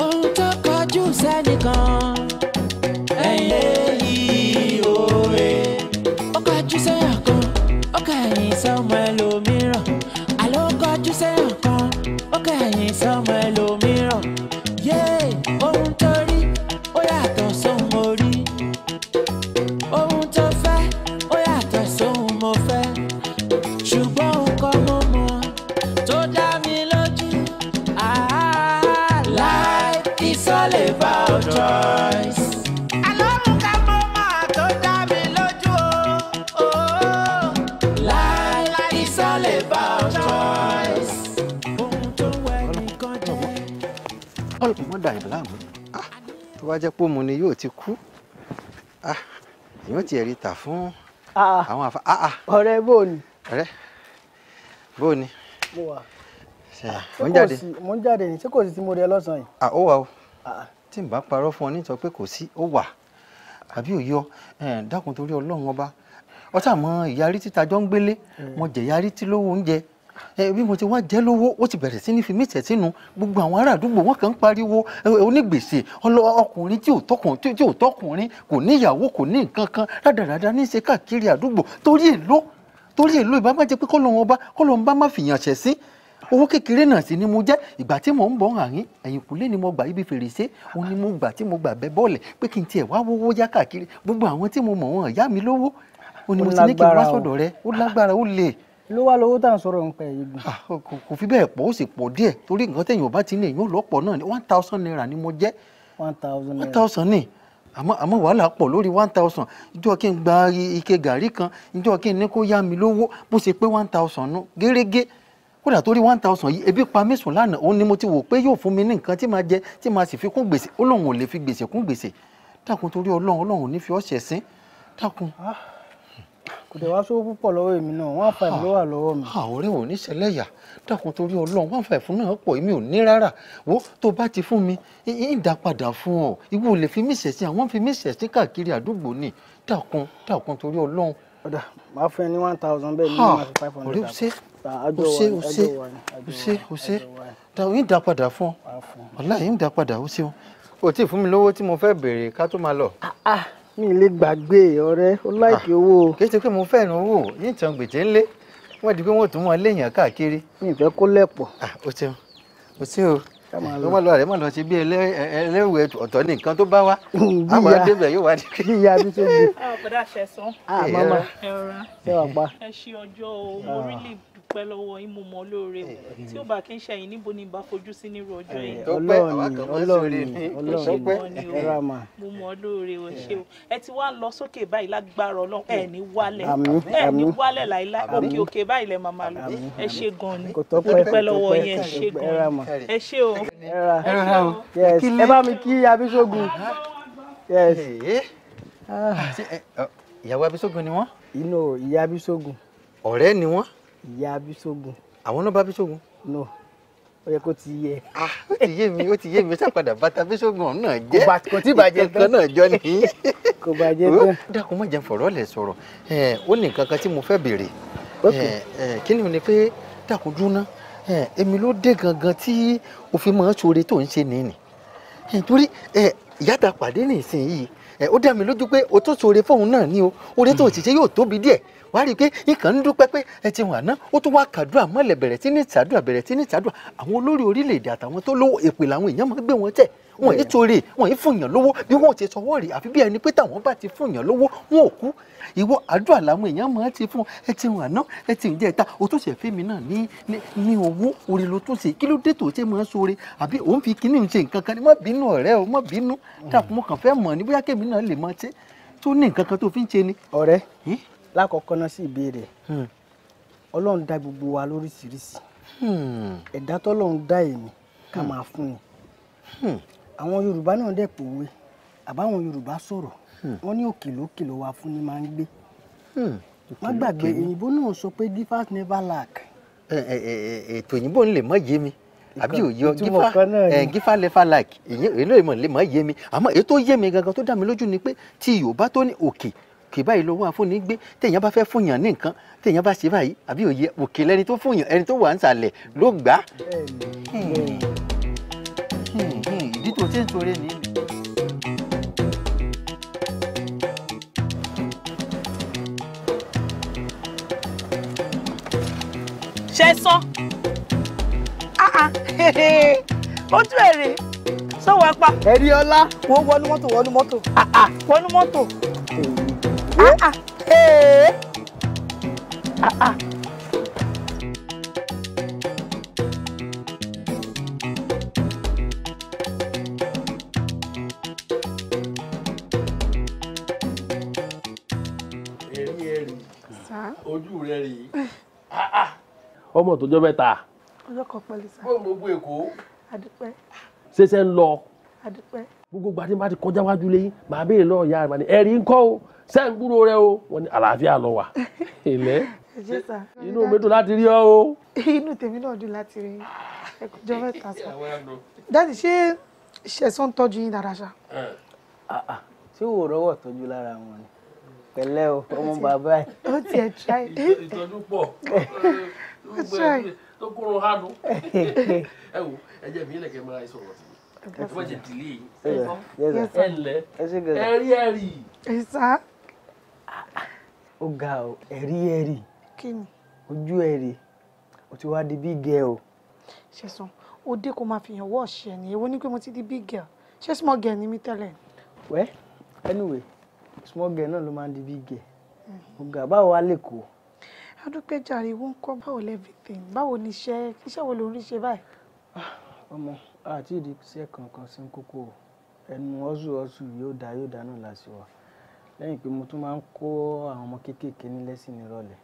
ohun tó kọjú sẹ́nìkan ẹ̀yìn èyí òwe ó kọjú sẹ́yà kan ó kẹ̀yìn sọ́mọ́ ẹ̀. bá jẹ́ pòmù ni yóò ti kú ah, yóò tiẹ̀ rí tà fún ah. àwọn àfa. Ah, ọ̀rẹ́ bò ni. ọ̀rẹ́ bò ni. mo wà mo ń jáde mo ń jáde ní ṣé kò sí tí mo rí ẹ lọ́sàn-án yìí. ó wà o tí n bá parọ́ fún ọ ní sọ pé kò sí ó wà àbí òyọ dákun torí ọlọ́run ọba ọtá mọ ìyarí títa jọ ń gbélé hmm. mo jẹ ìyarí tí lówó oúnjẹ bí mo ti wá jẹ́ lówó ó ti bẹ̀rẹ̀ sí ní fi mí tẹ̀ sínú gbogbo àwọn ará àdúgbò wọn kàn ń pariwo onígbèsè ọkùnrin tí ò tọkùnrin kò níyàwó kò ní nǹkan kan rádaràda ní í ṣe káàkiri àdúgbò torí èlò torí èlò ìbámu jẹ́ pé kọ́lọ́hún ọba kọ́lọ́hún bá má fìyàn ṣẹ̀ sí owó kékeré náà sì ni mo jẹ́ ìgbà tí mò ń bọ̀ hàn yín ẹ̀yìnkùlé ni mo gbà ibi fèrèsé òun ni mo gbà tí mo gbà bẹ́ bọ́ọ̀lẹ̀ pé kí n tiẹ̀ wá wọ́wọ́ yá káàkiri gbogbo àwọn tí mo mọ̀ wọn ìyá mi lówó òun ni mo ti ní kí n wá sọ̀dọ̀ rẹ ó lágbára ó le ló wá lówó tá à ń sọ̀rọ̀ ń pẹ́ yìí. Ah, kò fi bẹ́ẹ̀ pọ̀ ó sì pọ̀ díẹ̀ torí nǹkan tẹ̀yìn ọba ti ní èyàn lọ́pọ̀ náà ni one thousand naira ni mo jẹ́. one thousand naira one thousand ni àmọ́ àmọ́ wàhálà pọ̀ lórí one thousand ìjọ kí n gba ike gàrí kan ìjọ kí n ní kó yá mi lówó bó ṣe pé one thousand nù gẹ́rẹ́gẹ́ kódà torí one thousand yìí ebi pa mí sùn lánàá òun ni mo ti wò pé yóò fún mi ní nǹkan tí màá jẹ tí màá sì fi kún gbèsè ó lóun ò lè fi gbèsè kún gbèsè dákun torí ọlọ́run ọlọ́run ò ní fi ọ́ ṣẹ̀sín dákun. Ah kò dẹ̀ wá sówó púpọ̀ lọ́wọ́ èmi náà one five ló wà lọ́wọ́ mi. ọ̀rẹ́ ò ní ṣẹlẹ́yà dákun torí ọlọ́run one five náà pọ̀ èmi ò ní rárá wo tó bá ti fún mi ń dá padà fún ọ ìwọ lè fi mí ṣẹ̀sìn àwọn fi mí ṣẹ̀sìn káàkiri àdúgbò ni dákun dákun torí ọlọ́run. ọ̀dà máa fún ní one thousand bẹ́ẹ̀ ni máa fi five hundred dàpọ̀ ọ̀rẹ́ o ṣe o ṣe o ṣe ń dá padà fún ọ ọ̀la yìí ń dá padà o ṣeun o tí fún mi lówó tí mo fẹ́ béèrè ká tó máa lọ. Ah, ah mi lè gbàgbé ọ̀rẹ́ ó láìkí ah, owó. kì í ṣe pé mo fẹ́ràn owó yín tàn gbèjẹ́ ńlé wọ́n di pé wọ́n tún mọ léèyàn káàkiri. mi ìfẹ́ kó lẹ̀pọ̀. Ah, o ṣeun o ṣe o ló má lọ rẹ̀ má lọ ṣe bí ẹlẹ́wẹ̀ ọ̀tọ̀ ní nǹkan tó bá wá àmọ́ débẹ̀ yóò wá ní kí. yíyá bí tó gbé. àbúrò àṣẹ sàn. àmọ́ ma ọjọ́ orílẹ̀ dúpẹ́ lọ́wọ́ yín mo mọ olóore eh, eh. tí ó bá kí n ṣẹyìn níbo ni bá fojú sí nírú ọjọ́ eh, yìí. ọlọ́ọ̀ni ọlọ́ọ̀ni ọlọ́ọ̀ni mo mọ olóore o ṣé o ẹ ti wá lọ sókè báyìí lágbára ọlọ́run ẹ ní wálẹ̀ ẹ ní wálẹ̀ láìláì òkè òkè báyìí lẹ màmá lọ ẹ ṣé gan ni dúpẹ́ lọ́wọ́ yín ẹ ṣé gan ẹ ṣé o. ẹ bá mi kí abisogun ah. oh, ìyàwó abisogun ni wọn. inú ìyá abisogun. ọ̀rẹ́ ni wọ́n ìyá Bísógun. àwọn náà bá Bísógun. no ó yẹ kó ti yẹ. Ah, ó ti yé mi ó ti yé mi ó sàpadà bàtà Bísógun ọ̀hún náà jẹ́ kò tí bàjẹ́ tán náà jọ nìyí. kò bàjẹ́ tán. dákun má jẹun fọ̀rọ̀ lẹ̀ sọ̀rọ̀ ó ní nǹkan kan tí mo fẹ́ béèrè kí ni o ní pé dákun dúná èmi ló dé gangan tí o fi máa ń ṣoore tó ń ṣe nìyí torí ìyá ta pàdé nìsín yìí ó dá mi lójú pé o tó ṣoore fóun náà ni o oore tó ti ṣe yóò tóbi díẹ̀ wàá rí i pé nǹkan ń dúpẹ́ pé ẹ ti wà náà ó tún wá kàdúrà mọ́lẹ̀ bẹ̀rẹ̀ tí ní ìtàdúrà bẹ̀rẹ̀ tí ní ìtàdúrà àwọn olórí orílẹ̀-èdè àtàwọn tó lówó èpè làwọn èèyàn máa ń gbé wọn tẹ̀ wọn yìí torí wọn yìí fòyàn lówó bí wọn ti sọwọ́ rí àfi bí ẹni pé táwọn bá ti fòyàn lówó wọn ò kú ìwọ àdúrà làwọn èèyàn máa ti fún ẹ ti wà náà ẹ ti ń jẹ ta o tún náà ní ní owó orí ló tún kí ló dé tó ṣe máa sóore àbí òun fi kíní ṣe nǹkan kan ní má bínú ọ̀rẹ́ o má bínú mm. dàpọ̀ mọ́ kàn fẹ́ mọ̀ bóyá kẹ́mi náà lè máa ṣe tó ní nǹkan kan tó fi ń ṣe ni. ọ̀rẹ́ lákọ̀ọ́kọ́ náà sí ìbéèrè hmm. ọlọ́run dá gbogbo wa lóríṣiríṣi hmm. ẹ̀dá tọ́lọ́run dá èmi ká hmm. máa fún ni àwọn yorùbá náà dẹ̀ pòwe àbáwọn yorùbá sọ̀rọ̀ wọ́n ní òkè lókè ló wà fún ni máa ń gbé má gbàgbé òyìnbó náà sọ pé givers never lack. ètò òyìnbó ń lè mọ yé mi àbí òye gífà gífà like èyí èlò ìmọ̀ lè mọ̀ yé mi àmọ́ èyí tó yé mi gangan tó dá mi lójú ni pé tí yorùbá tó ní òkè òkè báyìí lówó àfúnni gbé téèyàn bá fẹ́ fúnyàn ní nǹkan téèyàn bá ṣe báyìí àbí òye òkè lẹni tó fúnyàn ẹni tó wà ń sàlẹ̀ ló gbà á. ìdí tó ti ń sọ̀rọ̀ ni. ṣe sọ ojú èrè sọ wà pa. ẹ̀rí ọlá wọ́n wọnú mọ́tò wọnú mọ́tò. wọnú mọ́tò. Ah, ah. ojú rẹ rí ah, ọmọ tó jọ mẹ́ta. ọjọ́ kan pẹ̀lú sáà. bọ́ọ̀lù gbogbo èkó. àdúpẹ́. ṣẹṣẹ ń lọ. àdúpẹ́. gbogbo gbadé bá ti kọjá wájú lẹ́yìn màá béèrè lọ́ọ̀yà rẹ̀ màá ní ẹ̀rí ń kọ́ o ṣé ń gbúrò rẹ o wọ́n ní àlàáfíà lọ wà ilẹ̀ inú mi dùn láti rí ọ o. inú tèmi náà dùn láti rí ẹjọ mẹ́ta sọ dáàdì ṣé ṣẹ̀sán tọ́jú yín dára ṣá. tí wò rọwọ́ tọ́jú lára wọn ni pẹ̀lẹ́ o ọmọ bàbá ẹ̀. ó tiẹ̀ try. ìtọ́jú pọ̀ tó kúrò hánu ẹ wò ẹ jẹ́ mi ilẹ̀ kẹ́ mọ́ra ìṣòro ọ̀sìn ẹ fọ́ jẹ́ dìlé yìí ẹ ńlẹ̀ ẹ rí ẹ rí ó ga ọ ẹ̀rí ẹ̀rí ojú ẹ̀rí o ti wá di big girl. ṣẹ̀sán ó dé kó máa fi hàn wọ́ ọ̀ṣẹ́ ni èwo ni pé mo ti di big girl ṣé small girl ni mí tẹ́lẹ̀. wẹ́ anyway small girl náà ló máa ń di big girl mm-hmm. ó ga báwo wá lẹ́kọ̀ọ́. adúpẹ́ jàre wọ́n ń kọ́ báwo lẹ́fìtìn báwo ni iṣẹ́ iṣẹ́ wo ló ń rí ṣe báyìí. Ah, ọmọ àti ìdí iṣẹ́ kankan sí kókó ẹnu ọ̀sùn ọ̀sùn yóò dá yóò dá náà lẹ́yìn pé mo tún máa ń kó àwọn ọmọ kéékèèké ní lẹ́sìn nírọ̀lẹ́.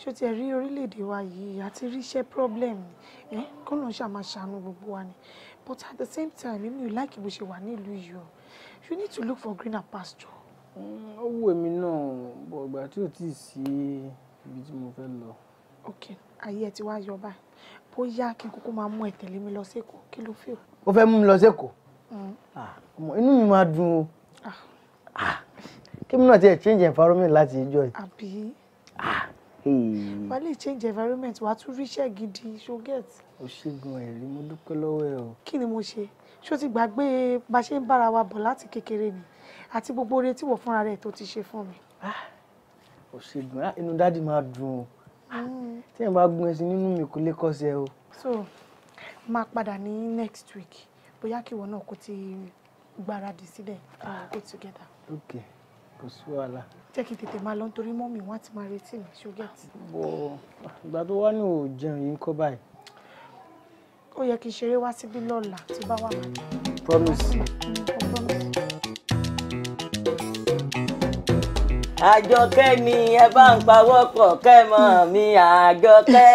ṣó tiẹ̀ rí orílẹ̀-èdè wa yìí àti ríṣẹ́ problem ẹ̀ kó lóun ṣáà máa ṣàánú gbogbo wa ni but at the same time èmi ò láìkí bó ṣe wà nílùú yìí o you need to look for greener pasture. Hmm, ó wù èmi náà bọ̀ ìgbà tí ò tíì sí ibi tí mo fẹ́ lọ. ok ayé ẹ ti wá yọ báyìí bóyá kí n kúkú máa mú ẹ tẹ̀lé mi lọ sẹ́kọ̀ọ́ kí ló fẹ́ o. ó fẹ́ mú mi lọ sẹ́kọ̀ọ́ hmm. ah, inú mi máa dùn o. Ah. Ah kémi náà tiẹ̀ change environment láti ìjọ yìí. àbí ah, wàá lè change environment wàá tún ríṣẹ́ gidi ṣó get. o ṣègùn ẹ̀rí mo dúpẹ́ lọ́wọ́ ẹ o. kí ni mo ṣe ṣó ti gbàgbé bá ṣe ń bára wa bọ̀ láti kékeré ni àti gbogbo oore tí wọ́n fúnra rẹ̀ tó ti ṣe fún mi. Ah, o ṣègùn ah, inú dáàdi máa dùn o mm. tí ẹ bá gún ẹsìn nínú mi kò lè kọsẹ̀ o. so máa padà ní next week bóyá kí ìwọ náà kò ti gbáradì sílẹ̀ go together. okay kò sí wàhálà. jẹ́ kí n tètè máa lọ nítorí mọ́mì wọn ti máa retí mi ṣúgẹ́tì. bọ ìgbà tó wá ní ò jẹun yìí kọ́ báyìí. ó yẹ kí n ṣeré wá síbí lọ́la tí bá wà. promise. Mm, àjọkẹ́ mi ẹ bá ń pawọ́ pọ̀ kẹ́ mọ́ mi àjọkẹ́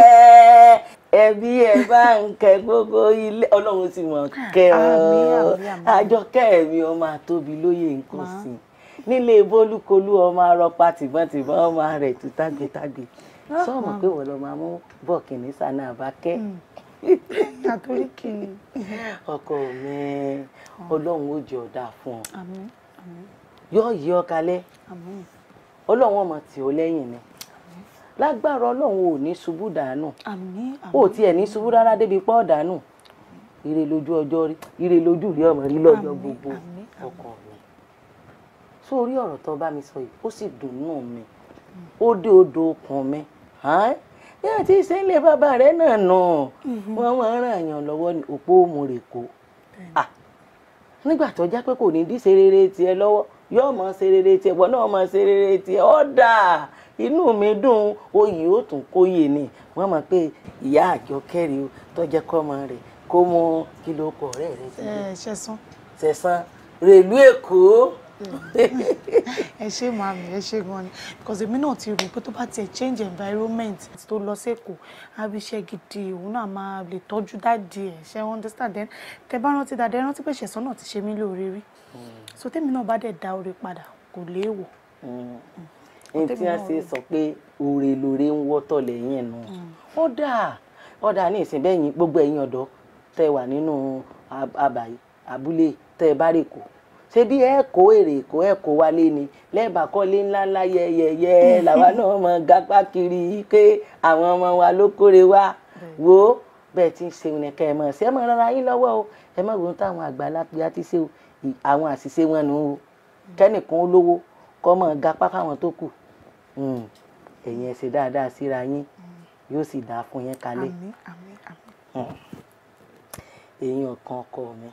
ẹbí ẹ bá ń kẹ gbogbo ilé ọlọ́run sì mọ̀ kẹ́ ọ àjọkẹ́ mi ó máa tóbi lóye nǹkan sí i nílé bólúkolú ọmọ arọpa tìbọntìbọn ọmọ rẹ tún tágbétágbé ah, sọmọ ah. pé wọn lọ máa mú bọ kìnní sànà àbákẹ́. Hmm. àtúrí kìnní. ọkọ mi ah. Ọlọ́run ó jẹ ọdà fún ọ yóò yí ọ kalẹ̀ Ọlọ́run ọmọ tì ó lẹ́yìn ni lágbára Ọlọ́run ò ní ṣubú dànù ó tiẹ̀ ní ṣubú rárá débi pọ dànù ire lójú ọjọ́ rí ire lójú rí ọmọ rí lọ́jọ́ gbogbo ọkọ mi sórí ọ̀rọ̀ tó bá mi sọ yìí ó sì dùnú mi ó dé odò okùn mi bí a ti ṣe ń lé bàbá rẹ náà nà mhm. wọn máa ràn yàn lọ́wọ́ ní òpó òmùrè kó nígbà tó jẹ́ pé kò ní dí ṣe rere tiẹ̀ lọ́wọ́ yóò mọ ṣe rere tiẹ̀ wọ́n náà mọ ṣe rere tiẹ̀ ó inú mi dùn oyè ó tún kóyè ni wọ́n mọ̀ pé ìyá àjọ kẹ́rin tó jẹ́ kọ́mọ rẹ̀ kó mú kí ló kọ̀ ọ̀rẹ́ rẹ̀ ṣe. ṣẹ̀sán. ṣẹ̀sán rèlú èkó ẹ ṣe màmí ẹ ṣe gan ni because èmi náà ti rò pé tó bá tiẹ̀ change environment tó lọ sẹ́kọ̀ọ́ abiṣẹ́ gidi òun náà máa lè tọ́jú dáàdi ẹ̀ ṣe understand then tẹ bá rántí dáadáa ẹ rántí pé ṣẹ̀sán náà ti ṣe mí lóore rí hmm. so tèmi náà bá dẹ̀ da oore padà kò léèwọ̀. Hmm. ní tí a ṣe sọ pé oore lóore ń wọ́tọ̀ lẹ́yìn ẹ̀ nù hmm. ó dà ó dà ní ìsìn bẹ́yìn gbogbo ẹ̀yìn ọ̀dọ́ tẹ wà nínú abúlé tẹ bá rè kó ṣebí ẹ kó èrè kó ẹ kó wálé ni lẹ́ẹ̀bà kọ́lé ńláńlá yẹyẹyẹ làwa náà mọ gápá kiri pé àwọn ọmọ wa ló kórè wá wo bẹ́ẹ̀ ti ń ṣe òun nìkan ẹ̀ mọ̀ ṣe é mọ̀ rárá yín lọ́wọ́ o ẹ mọ̀ wọ́n táwọn àgbà lápẹ́ á ti ṣe o àwọn àṣìṣe wọn nù o hmm. kẹ́nìkan ó kọ́ mọ̀ gápá fáwọn tó kù hmm. ẹ̀yin ẹ dáadáa síra yín hmm. yóò sì dáa fún yín kalẹ̀ èyí ọ̀kan ọkọ mi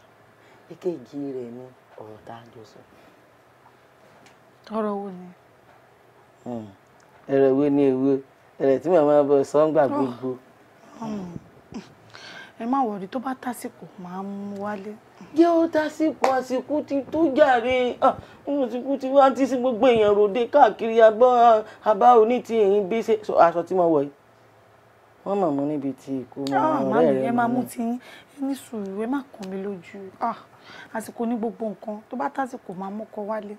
èkejì rẹ̀ ni ọ̀rọ̀ tá a jọ sọ. ọ̀rọ̀ wo ni. Hmm. ẹ̀rẹ̀ wo ni èwe ẹ̀rẹ̀ tí màmá bọ̀ sọ́ngbà gbogbo. Hmm. ẹ má wọrí tó bá tásìkò máa mú wálé. jẹ́ ó tásìkò àsìkò ti tó jàre ah, àsìkò ti wá ti sí gbogbo èèyàn ròde káàkiri àbá òní ti èyí bí ṣe aṣọ tí mo wọ̀ yìí wọ́n mọ̀ mọ́ níbi tí ìkó mọ́ ah, ọ̀rẹ́ rẹ̀ mọ́. ẹ máa mú ti ní sùúrù ẹ má kàn mí lójú. Ah àsìkò ní gbogbo nǹkan tó bá tásìkò máa mọ́kọ wálé.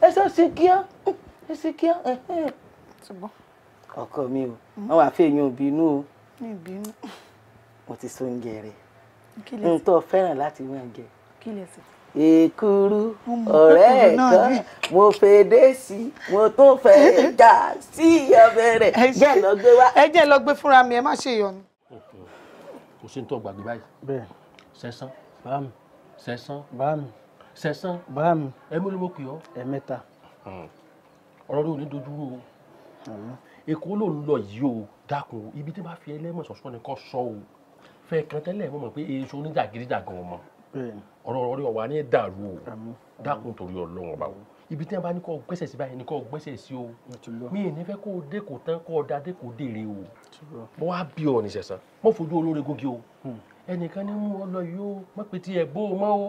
ẹ ṣe ṣe kíá ẹ ṣe kíá. ọkọ mi o hmm? wọn wàá fẹyìn òbínú o mo ti so oúnjẹ rẹ n tó fẹ́ràn láti wọ́n jẹ èkúrú ọ̀rẹ́ kan mo fèdè sí mo tún fẹ́ jà sí ọbẹ̀ rẹ̀ jẹ́ lọ gbé wá. ẹ jẹ́ lọ gbé fúnra mi ẹ má ṣe yọnu. kò sí ní tó gbàgbé báyìí sẹ́sán báàmù sẹ̀sán. báàmì. sẹ̀sán. báàmì. ẹ̀mí ló mọ̀ pé ọ́. ẹ̀mẹ́ta. Hmm. ọ̀rọ̀ rẹ ò ní dojú o. èkó ló ń lọ yìí o dákun ibi tí wọ́n fi ẹlẹ́mọ̀ sọ̀sọ́ ni kò sọ o fẹ́ kan tẹ́lẹ̀ mọ̀ mọ̀ pé èso ní jàgídíjàgan ọmọ ọ̀rọ̀ rẹ ọ̀wà ni ẹ̀ dàrú o dákun torí ọlọ́run ọba o ibi tí wọn bá ní kó gbẹ́sẹ̀ sí báyìí ní kó gbẹ́sẹ̀ sí o mi ì ní fẹ́ kó dé kò tán kó da dé kò dèrè o mo wá bí ọ ní sẹ̀sán mo fojú olóore gógí o hmm ẹnìkan ní mú ọ lọ yìí ó mọ̀ pé tiẹ̀ bó o mọ́ o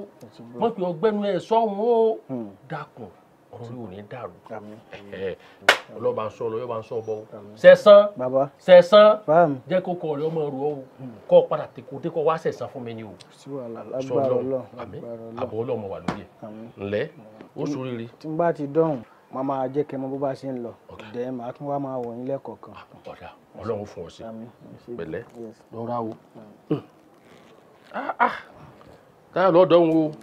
mọ̀ pé ọgbẹ́nu ẹ̀ sọ́hun ó hmm. dákun ọ̀run yóò ní dàrú ọlọ́ba ń sọ ọ lọ yóò bá ń sọ ọ bọ́ o sẹ̀sán sẹ̀sán jẹ́ kó kọ́ ọ̀rẹ́ ọmọ rú ọ hmm. o kọ́ padà tèkóté kọ́ wá sẹ̀sán fún mi ni o sọ ọlọ́run àmín àbọ̀ ọlọ́mọ wà lóye ńlẹ́ ó ṣoríire. tí n bá ti dọ̀hùn máa máa jẹ́ kẹ́ mọ bó bá ṣe ń lọ dẹ́ máa tún wá máa wọ̀ yín lẹ́kọ̀ọ̀kan. Ah, ọ̀dà ọlọ́run fún ọ sí pẹ̀lẹ́ lọ́ra o. Hmm. Ah, ah. táyà lọ́dọ̀ ń wo. kí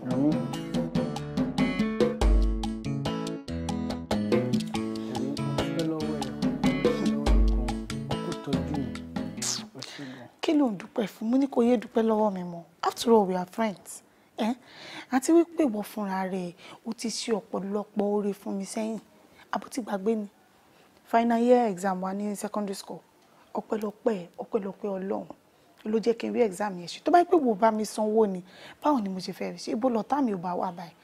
ló ń dúpẹ́ fún mo ní kò yé dúpẹ́ lọ́wọ́ mi mọ́ after all we are friends àti wípé ìwọ fúnra rẹ̀ o ti ṣe ọ̀pọ̀lọpọ̀ oore fún mi sẹ́yìn àbútí gbàgbé ni final year exam wa ní secondary school ọpẹ́lọpẹ́ ọpẹ́lọpẹ́ Ọlọ́run ló jẹ́ kí n rí exam yẹn ṣe tó bá yẹ pé wò bá mi sanwó ni báwo ni mo ṣe fẹ́ ṣe ibo lọ́tà mi ò bá wà báyìí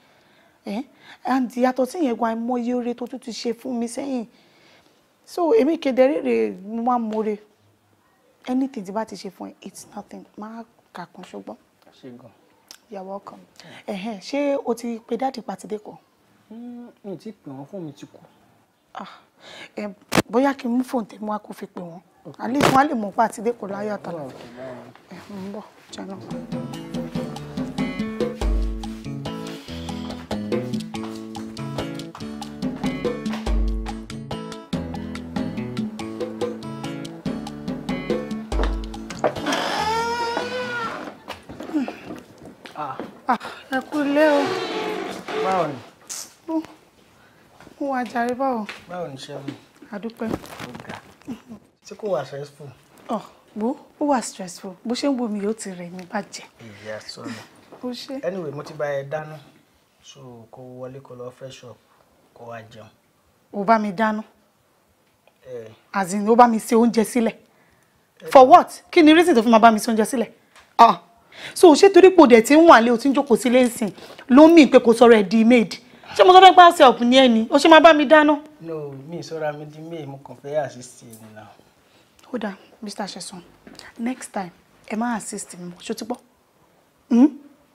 ẹ̀ and yàtọ̀ sí yẹn gan àìmọye oore tó tún ti ṣe fún mi sẹ́yìn so èmi kedere rè mo máa more anything tí bá ti ṣe fún ẹ it's nothing máa kà ṣùgbọ́n. you're welcome. ṣé o ti pe dáàdì pàtìdé kan. Hmm, mi ò tí ì pè wọ́n fóònù mi ti kú. Ah, bóyá kí n mú fóònù tèmi wá fi pè wọ́n àlè wọn lè mú pàtìdé kò láyọ̀ tán ẹ̀ ń bọ̀ jẹun. Ah. Ah, ẹ kú ilé o. báwo ni. mo wà jàre báwo. báwo ni ṣe mú. àdúpẹ́. ó tí kò wà stressful. ọ bó ó wà stressful bó ṣe ń wo mi yóò ti rẹ̀ mí bàjẹ́. ìyá sọ̀rọ̀ bó ṣe. anyway mo ti bá ẹ dáná so kó wọlé kó lọ fresh up kó wá jẹun. ó bá mi dáná as in ó bá mi ṣe oúnjẹ sílẹ̀ for what kí ni reason tó fi máa bá mi ṣe oúnjẹ sílẹ̀ so ṣé torí pò dẹ̀ tí ń wà lé o ti ń jókòó sílé ìsìn ló ń mì pé kò sọ̀rọ̀ ẹ̀ di maid ṣé mo sọ fẹ́ pa ṣe ọ̀pù ní ẹni o ṣe máa bá mi dáná. no mi ìṣọ́ra mi di maid mo kàn fẹ́ àṣìṣe ìnìyàn. Hold on, Mr. Sheson next time Emma assist him. ṣó ti gbọ́. Hmm?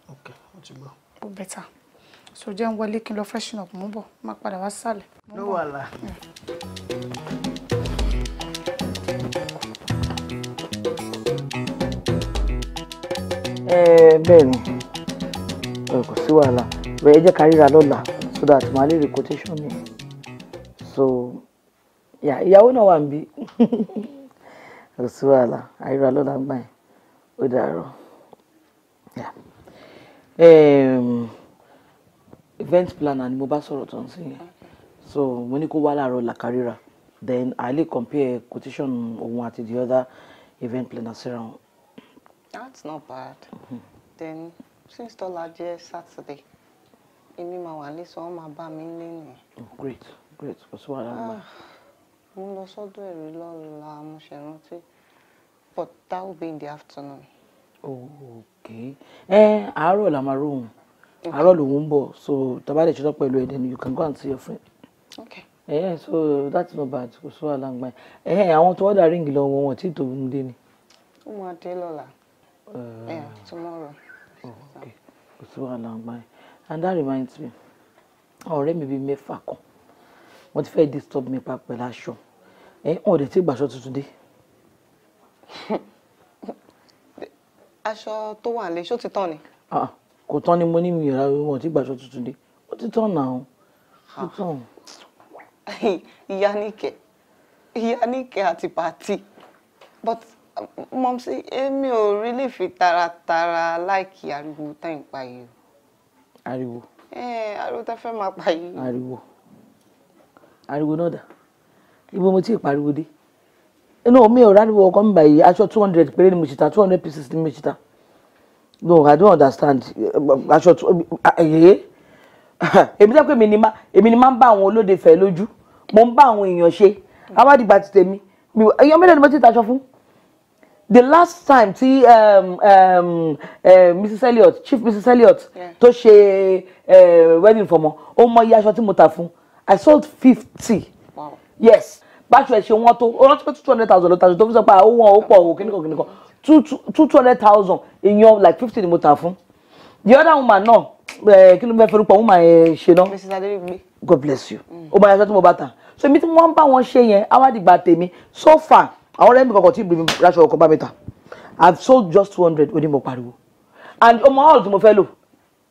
ok ó ti gbọ́. ó Better. so jẹ́ ń wọlé kí n lọ freshen up mú bọ̀ má No, wá sálẹ̀. ló wà láà. bẹ́ẹ̀ ni kò sí wàhálà bẹ́ẹ̀ jẹ́ ká ríra so that màá lè quotation mi so yeah, we know one bí kò sí wàhálà àríwá ló là ń gbà yẹn ehm, event planner ni mo bá sọ̀rọ̀ tó ń sìn yẹn so mo ní kó wá láàárọ̀ làkàríra then i lè compare quotation òun àti the other event planner síra wọn. that's not bad mm-hmm. then since tọ́lá jẹ́ Saturday èmi máa wà ní sọ wọ́n máa bá mi lé oh, great great kò sí mo lọ sọ́dọ̀ ẹ̀rí lọ́la mo ṣe rántí but that will be in the afternoon. Oh, okay ẹ àárọ̀ la máa róhùn àárọ̀ lòun ń bọ̀ so tọ́ba lè ṣetán pẹ̀lú ẹ̀ then you can go and see your friend. Okay. ẹ so that's not bad kò sọ àlàǹgbà ẹ àwọn tó ọ̀dà ríǹgì lọ wọn wọn tí tòun ń dé ni. ó máa dé lọ́la ẹ eh. tomorrow. Oh, okay kò sọ àlàǹgbà and that reminds me ọ̀rẹ́ mi bíi mẹ́fà kan wọ́n ti fẹ́ disturb mi pa pẹ̀lú aṣọ ẹ wọn ò dẹ̀ tí gbàṣọ tuntun dé. aṣọ tó wà lè ṣó ti tán ni. Ah, kò tán ni mo ní mi ìra wọn ò tí gbàṣọ tuntun dé ó ti tán náà ó ti tán. ìyá níkẹ́ ìyá níkẹ́ àti pàtì but mom sí èmi ò rí lè fi taratara láìkí ariwo tẹ́ ń pa yìí. ariwo. ẹ eh, ariwo tẹ́ fẹ́ máa pa yìí. ariwo ariwo náà dà ibo mo ti pariwo dé inú mi ò ráriwo ọkọ mi báyìí aṣọ two hundred péré ni mo ṣe ta two hundred pieces ni mo ṣe ta no i don't understand aṣọ ẹyẹ eh, eh, èmi dẹ́ pé èmi ni máa ń bá àwọn olóde fẹ́ lójú mo ń bá àwọn èèyàn ṣe awádìgbà ti tèmi èèyàn mélòó ni mo ti taṣọ fún the last time tí um, um, uh, eh, mrs elliot chief mrs elliot yeah. tó ṣe uh, wedding fọmọ ó mọ iye aṣọ tí mo ta fún un I sold fifty. Wow. Yes. Báṣọ ẹ̀ ṣe wọ́n tó, ó rántí pé two hundred thousand ló ta ṣe tó fi sọ pé ah, ó wọ́n ó pọ̀ ó kíníkan kíníkan two two hundred thousand èèyàn like fifty ni mo tà fún. The other woman náà eh, kí ló ń bẹ fẹ́ rúpọ̀ woman ẹ̀ ṣe náà. Mrs. Adébíyí. God bless you. Mm. Ó máa yàtọ̀ tí mo bá tà. So èmi tí wọ́n ń bá wọn ṣe yẹn, á wá tèmi. So far, àwọn ọ̀rẹ́ mi kọ̀ọ̀kan tí ìbùrù mi raṣọ ọkọ̀ bá mi tà. I've sold just two hundred onímọ̀ pariwo. And ọmọ hall tí mo fẹ́ lò,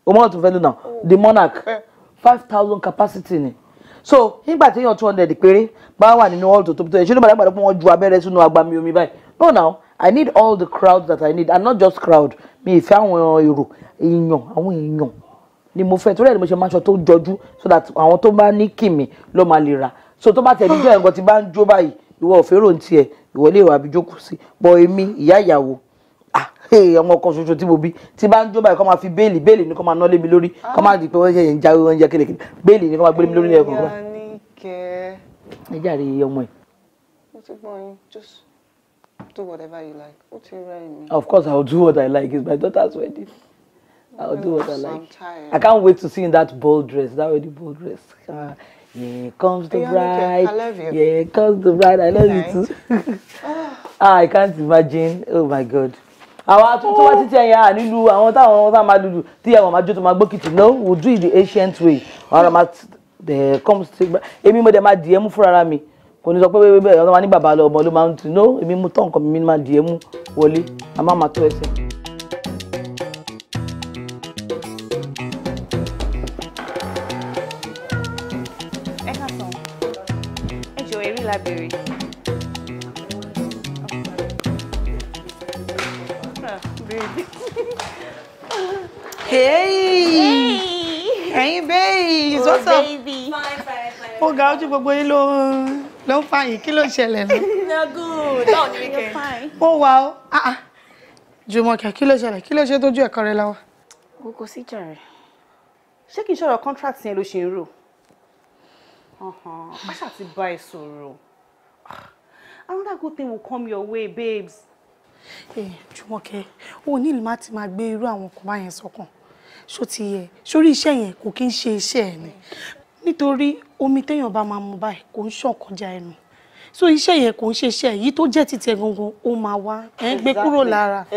ọmọ all tí mo fẹ́ lò now, oh. the monarch eh. five thousand capacity ni so nígbà tí èèyàn two hundred péré bá wà nínú hall tó tóbi tó yẹ ṣé ló bàdá gbàdá pé wọ́n ju abẹ́rẹ́ sínú agbami omi báyìí no now i need all the crowd that i need and not just crowd mi ìfẹ́ àwọn èrò èèyàn àwọn èèyàn ni mo fẹ́ torí ẹ̀ ni mo ṣe máa ṣọ tó jọjú so that àwọn tó bá ní kìmí ló máa lè ra so tó bá tẹ̀lé jẹ́ nǹkan tí bá ń jó báyìí ìwọ òfèrò ń tiẹ̀ ìwọlé ìwà àbíjókòó sí bọ èmi ìyá ìyàwó ọmọ kan ṣoṣo tí mo bí tí bá ń jó báyìí kọ́ máa fi béèlì béèlì ni kọ́ máa ná lé mi lórí kọ́ máa di pé wọ́n ṣe ń jáwé wọ́n ń jẹ́ kérekére béèlì ni kọ́ máa gbé lé mi lórí ní ẹ̀kọ́ kan. ẹ jàre ọmọ ẹ. mo ti gbọ́ yín just do whatever you like ó ti rẹ́ mi. of course i will do what i like it's my daughter's wedding i will do what i like i can't wait to see in that bold dress that wedding bold dress. Uh, Here comes the bride. I love you. Here comes the bride. I love you too. ah, I can't imagine. Oh my God àwọn atuntun wá títí ẹ̀yà nílùú àwọn táwọn ọmọ táwọn máa lùlù tí àwọn máa jó tó máa gbókìtì no we do it the ancient way ọ̀rọ̀ máa dẹ̀ come straight back èmi mo dẹ̀ máa dìé mú fúnra mi kò ní sọ pé bẹ́ẹ̀ bẹ́ẹ̀ ọ̀nà wa ní bàbá lọ ọmọ ló máa ń tì no èmi mú tán nǹkan mi máa dìé mú wọlé a máa máa tó ẹsẹ̀. ẹ ká sàn ẹ jọ eré lábẹ́rẹ́. hey. hey. Hey, babes. Oh, What's baby. up? Fine, fine, fine. Ó ga ojú gbogbo yín fine. ló ń fa yìí. Kí ló ń ṣẹlẹ̀ náà? No good. No, you're fine. Ó wà ó. Ah, ah. Jùmọ̀kẹ́, kí ló you Kí ló ṣe tójú ẹ̀kọ́ rẹ lọ́wọ́? O kò sí jàre. Ṣé kìí ṣọ̀rọ̀ contract yẹn ló ṣe ń rò? Pàṣà ti bá ẹ sọ̀rọ̀. Ah, another good thing will come your way, babes. Jùmọ̀kẹ́ o ní ìlú má ti máa gbé irú àwọn ọkọ̀ báyẹn sọ́kàn ṣó ti yẹ sórí iṣẹ́ yẹn kò kí ń ṣe iṣẹ́ ẹ̀ ni nítorí omi téèyàn bá máa mu báyìí kò ń ṣàn kọjá ẹnu so iṣẹ́ yẹn kò ń ṣe iṣẹ́ yìí tó jẹ́ títí ẹ̀ gangan ó máa wá ẹ̀ ń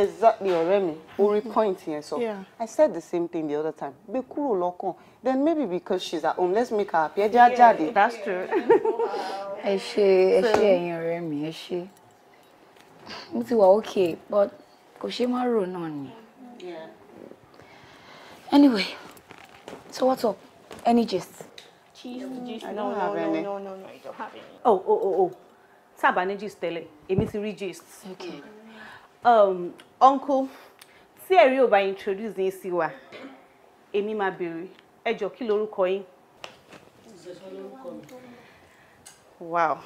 exactly ọ̀rẹ́ mi orí point yẹn sọ i said the same thing the other time gbé kúrò lọ́kàn then maybe because she's at home let's make her happy ẹ jẹ́ that's true. ẹ ṣe ẹ ṣe ẹ̀yin ọ̀rẹ́ mi ẹ mo ti wà okay but kò ṣe má rò náà ni. anyway so what's up any gist. gist gist no no no no no no I don't have any. oh oh oh oh sábà ní gist tẹ́lẹ̀ èmi ti rí gist. okay. um uncle tí ẹ̀rí ò bá introduce yín sí wa èmi máa béèrè ẹ jọ kí lorúkọ yín. wow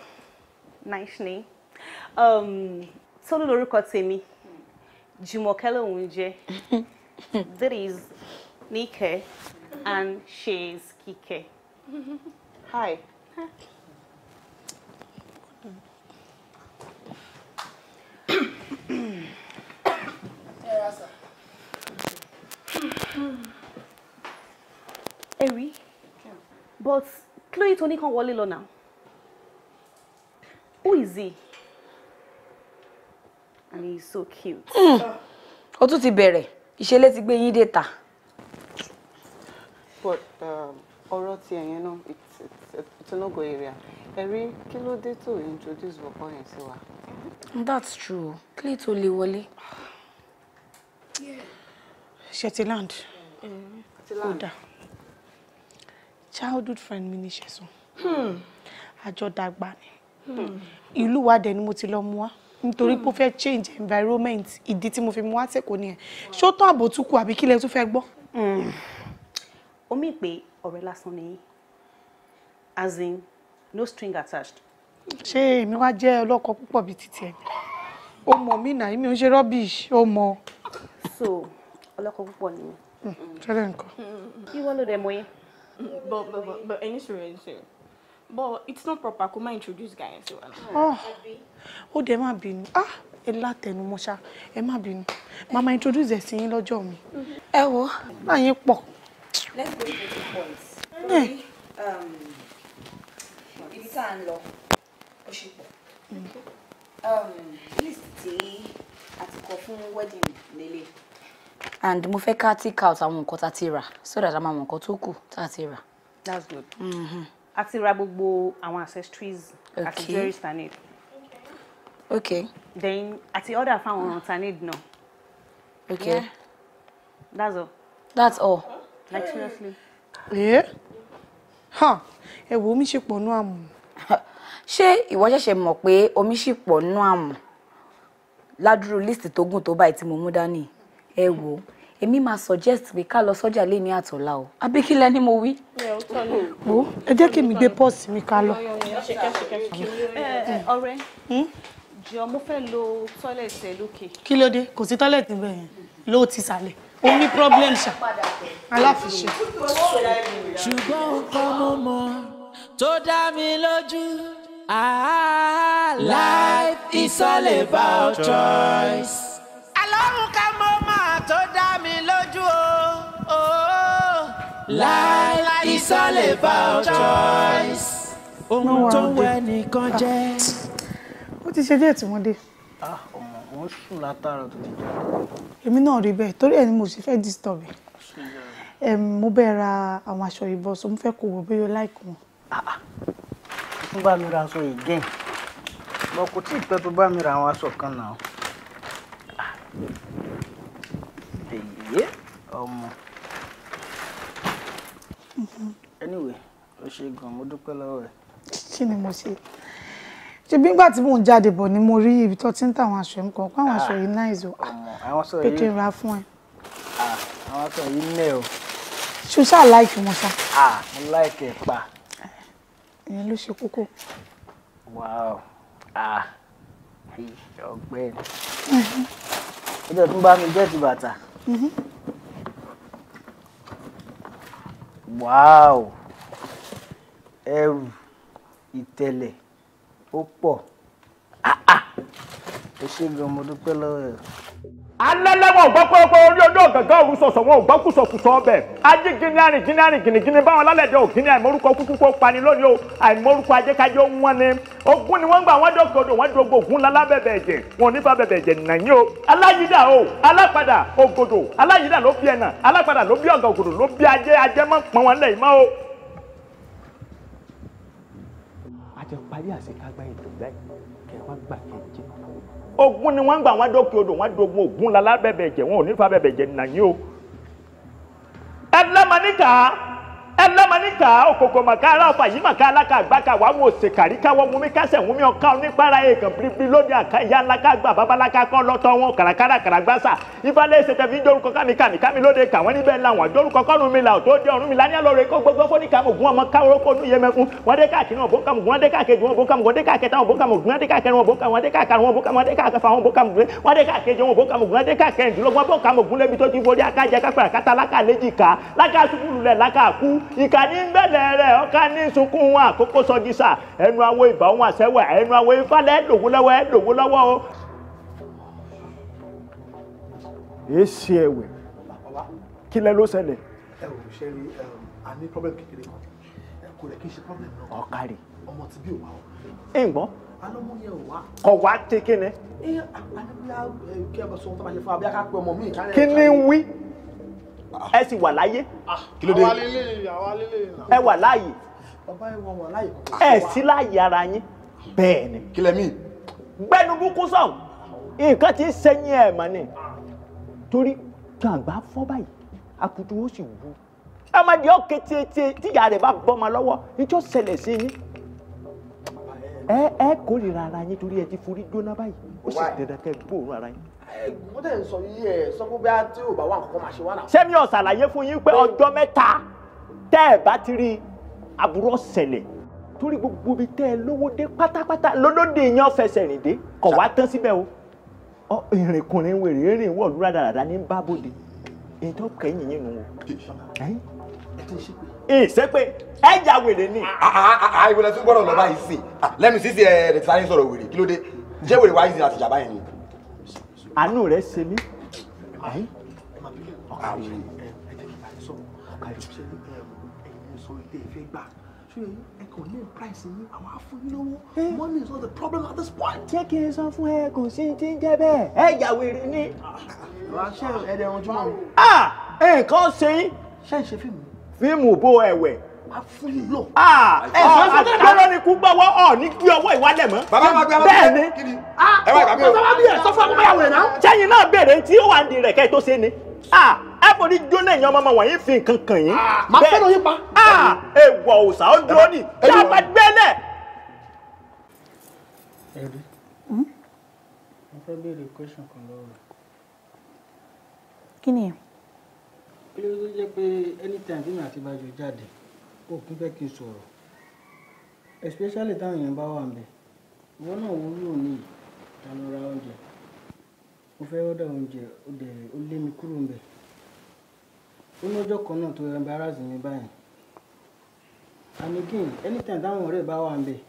nice name. Um, Tolú lórúkọ tèmi Jùmọ̀kẹ́ lòun jẹ́ that is Nike and she Kike. Hi. Eri, but Chloe Tony kan wọlé now. Who is he? and he's so cute. ó tún ti bẹ̀rẹ̀ ìṣẹ̀lẹ̀ ti gbé yín dé ta. but um, ọ̀rọ̀ ti ẹ̀yẹn náà it's it's it's no go area ẹ̀rí kilo ló dé tó introduce bọ̀bọ̀ yẹn sí wa. that's true clay tó lè wọlé. Shetland kódà childhood friend mi ní ṣẹ̀sán hmm. àjọ dàgbà ni ìlú wa dẹ̀ ni mo ti lọ mú wa nítorí pé ó fẹ́ change environment ìdí tí mo fi mú wá sẹ́kọ̀ọ́ nìyẹn ṣó tán àbò tún kù àbí kílẹ̀ tún fẹ́ gbọ́. omi hmm. ìpè ọ̀rẹ́ lásán ni as in no string attached. ṣé èmi wá jẹ́ ọlọ́kọ púpọ̀ bíi títí ẹ̀ o mọ̀ mí náà èmi ò ṣe rubbish o mọ̀. so ọlọ́kọ púpọ̀ ni mi. tẹ́lẹ̀ nǹkan. ìwọ ló dẹ̀ mọ̀ yẹn. bọ̀ bọ̀ bọ̀ ẹni sùn rẹ̀ ń sùn but it's not proper kó má introduce guy yẹn sí wa náà. Ah. ó dẹ̀ má bínú ah ẹ látẹnumọ́ ṣá ẹ má bínú màmá introduce ẹ̀ sí yín lọ́jọ́ mi mm-hmm. ẹ wo láyé pọ̀. let's go to the point. Um, ibi tá à ń lọ ó ṣe pọ̀ mm. um, list tí a fún wedding lélẹ̀. and mo fẹ́ ká take out àwọn nǹkan tá a ti rà so that a máa mọ nǹkan tó kù tá a ti rà. that's good. Mm -hmm a ti ra gbogbo àwọn accessories àti jewelry ta need. okay. then àti order fáwọn ọ̀ràn ta need náà. okay. Yeah. that's all. that's all. like seriously. ẹ eh? Huh. wo omi ṣe pọ̀ nú àmù. ṣé ìwọ ṣẹ̀ṣẹ̀ mọ̀ pé omi ṣì pọ̀ nú àmù ládùúrú líìsì tó gùn tó báyìí tí mo mú dání ẹ wò èmi máa suggest pé ká lọ sọ́jà lé ní àtọ̀lá o abíkílẹ̀ ni mo wí. wo ẹ jẹ́ kí mi gbé pọ́ọ̀sì mi ká lọ. ọ̀rẹ́ hmm? jọ mo fẹ́ lo tọ́lẹ̀tì ẹ lókè. kí ló dé kò sí tọ́lẹ̀tì bẹ́ẹ̀ yẹn ló ti sàlẹ̀ ó ní problem ṣá aláfiṣe. ṣùgbọ́n nǹkan mo mọ̀ tó dá mi lójú. Ah, life is all about choice. Àlọ́run ká Life is all about choice. Ohun tó wẹ nìkan ah. jẹ́. Ó ti ṣe díẹ̀ tí wọ́n dé. Ah, wọ́n sùn látara tó ti jẹ́. Èmi náà rí bẹ́ẹ̀ torí ẹ̀ ni mo ṣe fẹ́ disturb ẹ̀. Mo bẹ́ẹ̀ ra àwọn aṣọ ìbọ̀sọ̀ mo fẹ́ kó wọ bóyá láìkú wọn. Fún ah, bá mi ra aṣọ again. Mo kò tí ì pẹ́ tó bá mi ra àwọn aṣọ kan náà. ọmọ anyway o ṣe gan mo dúpẹ́ lọ́wọ́ ẹ. kí ni mo ṣe ṣe bí ngbà tí mò ń jáde bọ̀ ni mo rí ibi tó ti ń ta àwọn aṣọ yìí nǹkan pé àwọn aṣọ yìí nice o ah, pé kí n ra fún ẹ. Ah, àwọn aṣọ yìí nẹ̀ o. ṣùṣà láìkì wọn ṣá. Ah, mo láìkì ẹ̀ pa. ìyẹn ló ṣe kókó. wow ọgbẹ́ni. Mm-hmm. ó jẹ́ tún bá mi jẹ́ ti bàtà. Mm-hmm. Wow, ẹrù ìtẹ̀lẹ̀ ó pọ̀ ó ah, ah. ṣe gan mo dúpẹ́ lọ́wọ́ ẹ̀. alẹ́lẹ́ wọn ò gbọ́ pé orí ojú ọ̀gàngán òru sọ̀sọ̀ wọn ò gbọ́ kùsọ̀kùsọ ọbẹ̀ ajígini arìn gini arìn gini gini báwọn alálẹ̀dẹ̀ ògini àìmọ́rúkọ kúkú kó pani lónìí o àìmọ́rúkọ ajékájé ó wọ́n ni ogún ni wọ́n gbà wọn ò ní bá bẹ̀bẹ̀ o aláyídà o alápadà wọn ogun ni wọ́n gbà wọ́n dókè odò wọ́n dogun ogun lalábẹ́bẹ̀ jẹ́ wọn ò nífa bẹ́bẹ̀ jẹ́ nàyí o ẹ̀dínlẹ́mọ̀ níkà ẹlẹ́mọ̀nìkà òkòkò màkà aláfà yìí màkà aláka àgbàkà wà wọ́n òsè kàríkà wọ́n múmi kásẹ̀ wúmi ọ̀ká onípara èèkàn bíríbí lónìí àká ìyá ńlá ká gbà kọ́ lọ́tọ́ wọn kàràkàrà kàràgbàsà ìfàlẹ́ ìṣètẹ́ fi jórúkọ kámi kámi kámi lóde kà wọ́n níbẹ̀ làwọn jórúkọ kọ́nu mi là tó dé ọ̀run mi lánìí àlọ́ rẹ̀ kó gbogbo fóní ọmọ ká ìkà ní gbẹ̀lẹ̀ rẹ̀ ọ̀ka ní sunkún wọn àkókò sọjísà ẹnu awo ìbá wọn àṣẹwà ẹnu awo ìfàlẹ̀ dògún lọ́wọ́ ẹ dògún lọ́wọ́ o. èsì ẹ̀wẹ̀ kí lẹ ló ṣẹlẹ̀. ẹ ò ṣe rí a ní problem kékeré kan kò lè kí n ṣe problem náà. ọ̀kàrì. ọmọ tí bí ò wá o. ẹ ń gbọ́ alọ́mú yẹn wá. kọ̀ wá tẹ kí ni. ẹ àná bí a kí ẹ bá sọ ohun tó máa ṣe fún wa bí a ká pe ẹ sì wà láyé. Ah, kílódé ẹ wà láàyè ẹ sí láàyè ara yín bẹ́ẹ̀ ni. kílẹ̀ mi. gbẹ́nu búkú sọ̀hún nǹkan tí ń sẹ́yìn ẹ̀ mà ni torí gàǹgbà fọ́ báyìí akutu ó sì wú amadi ọkẹ tiẹtiẹ tíyà rẹ bá bọ́mọ lọ́wọ́ níjọ́ ṣẹlẹ̀ sí yín ẹ ẹ kórìíra ara yín torí ẹ ti forí gbóná báyìí ó sì dandan kẹ́ gbóòórùn ara yín ẹ̀gbọ́n tẹ̀ ń sọ yí ẹ̀ sọ pé bí a tí ò bá wà nǹkan máa ṣe wà náà. sẹ́mi ò ṣàlàyé fún yín pé ọjọ́ mẹ́ta tẹ́ ẹ̀ bá ti rí àbúrò ṣẹlẹ̀ torí gbogbo ibi tẹ́ ẹ lówó dé pátápátá lólóde yan fẹsẹ̀ rìn dé kọ̀ wá tán síbẹ̀ o ìrìnkùnrin wèrè rìn wọ̀ lúra dáradára ní bábòde èyí tó kẹ́yìn yín nù ìsẹ́pẹ́ ẹ̀yà wèrè ni. àìwòlẹ̀ ah, ah, ah, tún gbọ́dọ̀ lọ báyìí sí lẹ́nu sísè ẹ̀ẹ́dẹ̀tì sáré sọ̀rọ̀ wèrè kí ló dé ṣé wèrè wáyé sí àtìjàmbá yẹn ni àánú rẹ ṣe mí. ọkàwé ẹkọ ní price ní àwọn afúnilówó money is not the problem at this point. jẹ́ kí n sọ fún ẹ kò sí ti ń jẹ́ bẹ́ẹ̀ ẹ yàwèrè ni. ṣé ẹ̀ẹ́dẹ̀rún jùlọ. nǹkan ṣe yín. ṣé ìṣe fíìmù. fíìmù bó ẹ̀wẹ̀ máa fún yín lò. ẹ̀sán ṣe tẹ́lẹ̀ lọ́rọ́ ni kú gbọ́wọ́ ọ̀ ní gbé ọwọ́ ìwálẹ̀ mọ́. bàbá máa gbé bẹ́ẹ̀ ni ah, ẹ wá ìgbàgbé o. bàbá bí ẹ sọ fún akọ́kọ́ yàwó ẹ̀ náà. sẹ́yìn náà béèrè tí ó wà ń di rẹ̀ kẹ́ ẹ tó ṣe ni. Ah, ẹ kò ní jóná èèyàn ọmọ wọ̀nyí fi nǹkan kàn yín. màá fẹ́ lóyún pa. ẹ ah, wọ òòsà ó dúró nì tí a bá gbé lẹ̀. ẹ rí hmm? mo fẹ́ béèrè question kan lọ́wọ́ kí ni ẹ. kí ló dé jẹ́ pé anytime bí mi àti bàjọ́ jáde o kì í fẹ́ kí n sọ̀rọ̀ especially táwọn èèyàn bá wà níbẹ̀ ìwọ náà wo yóò ní ìdáná ra oúnjẹ mo fẹ́ rọ́dà oúnjẹ ó dẹ̀ ó lé mi kúrò níbẹ̀ ó ní ọjọ́ kan náà tó embarrass mi báyìí and again anytime táwọn ọ̀rẹ́ bá wà níbẹ̀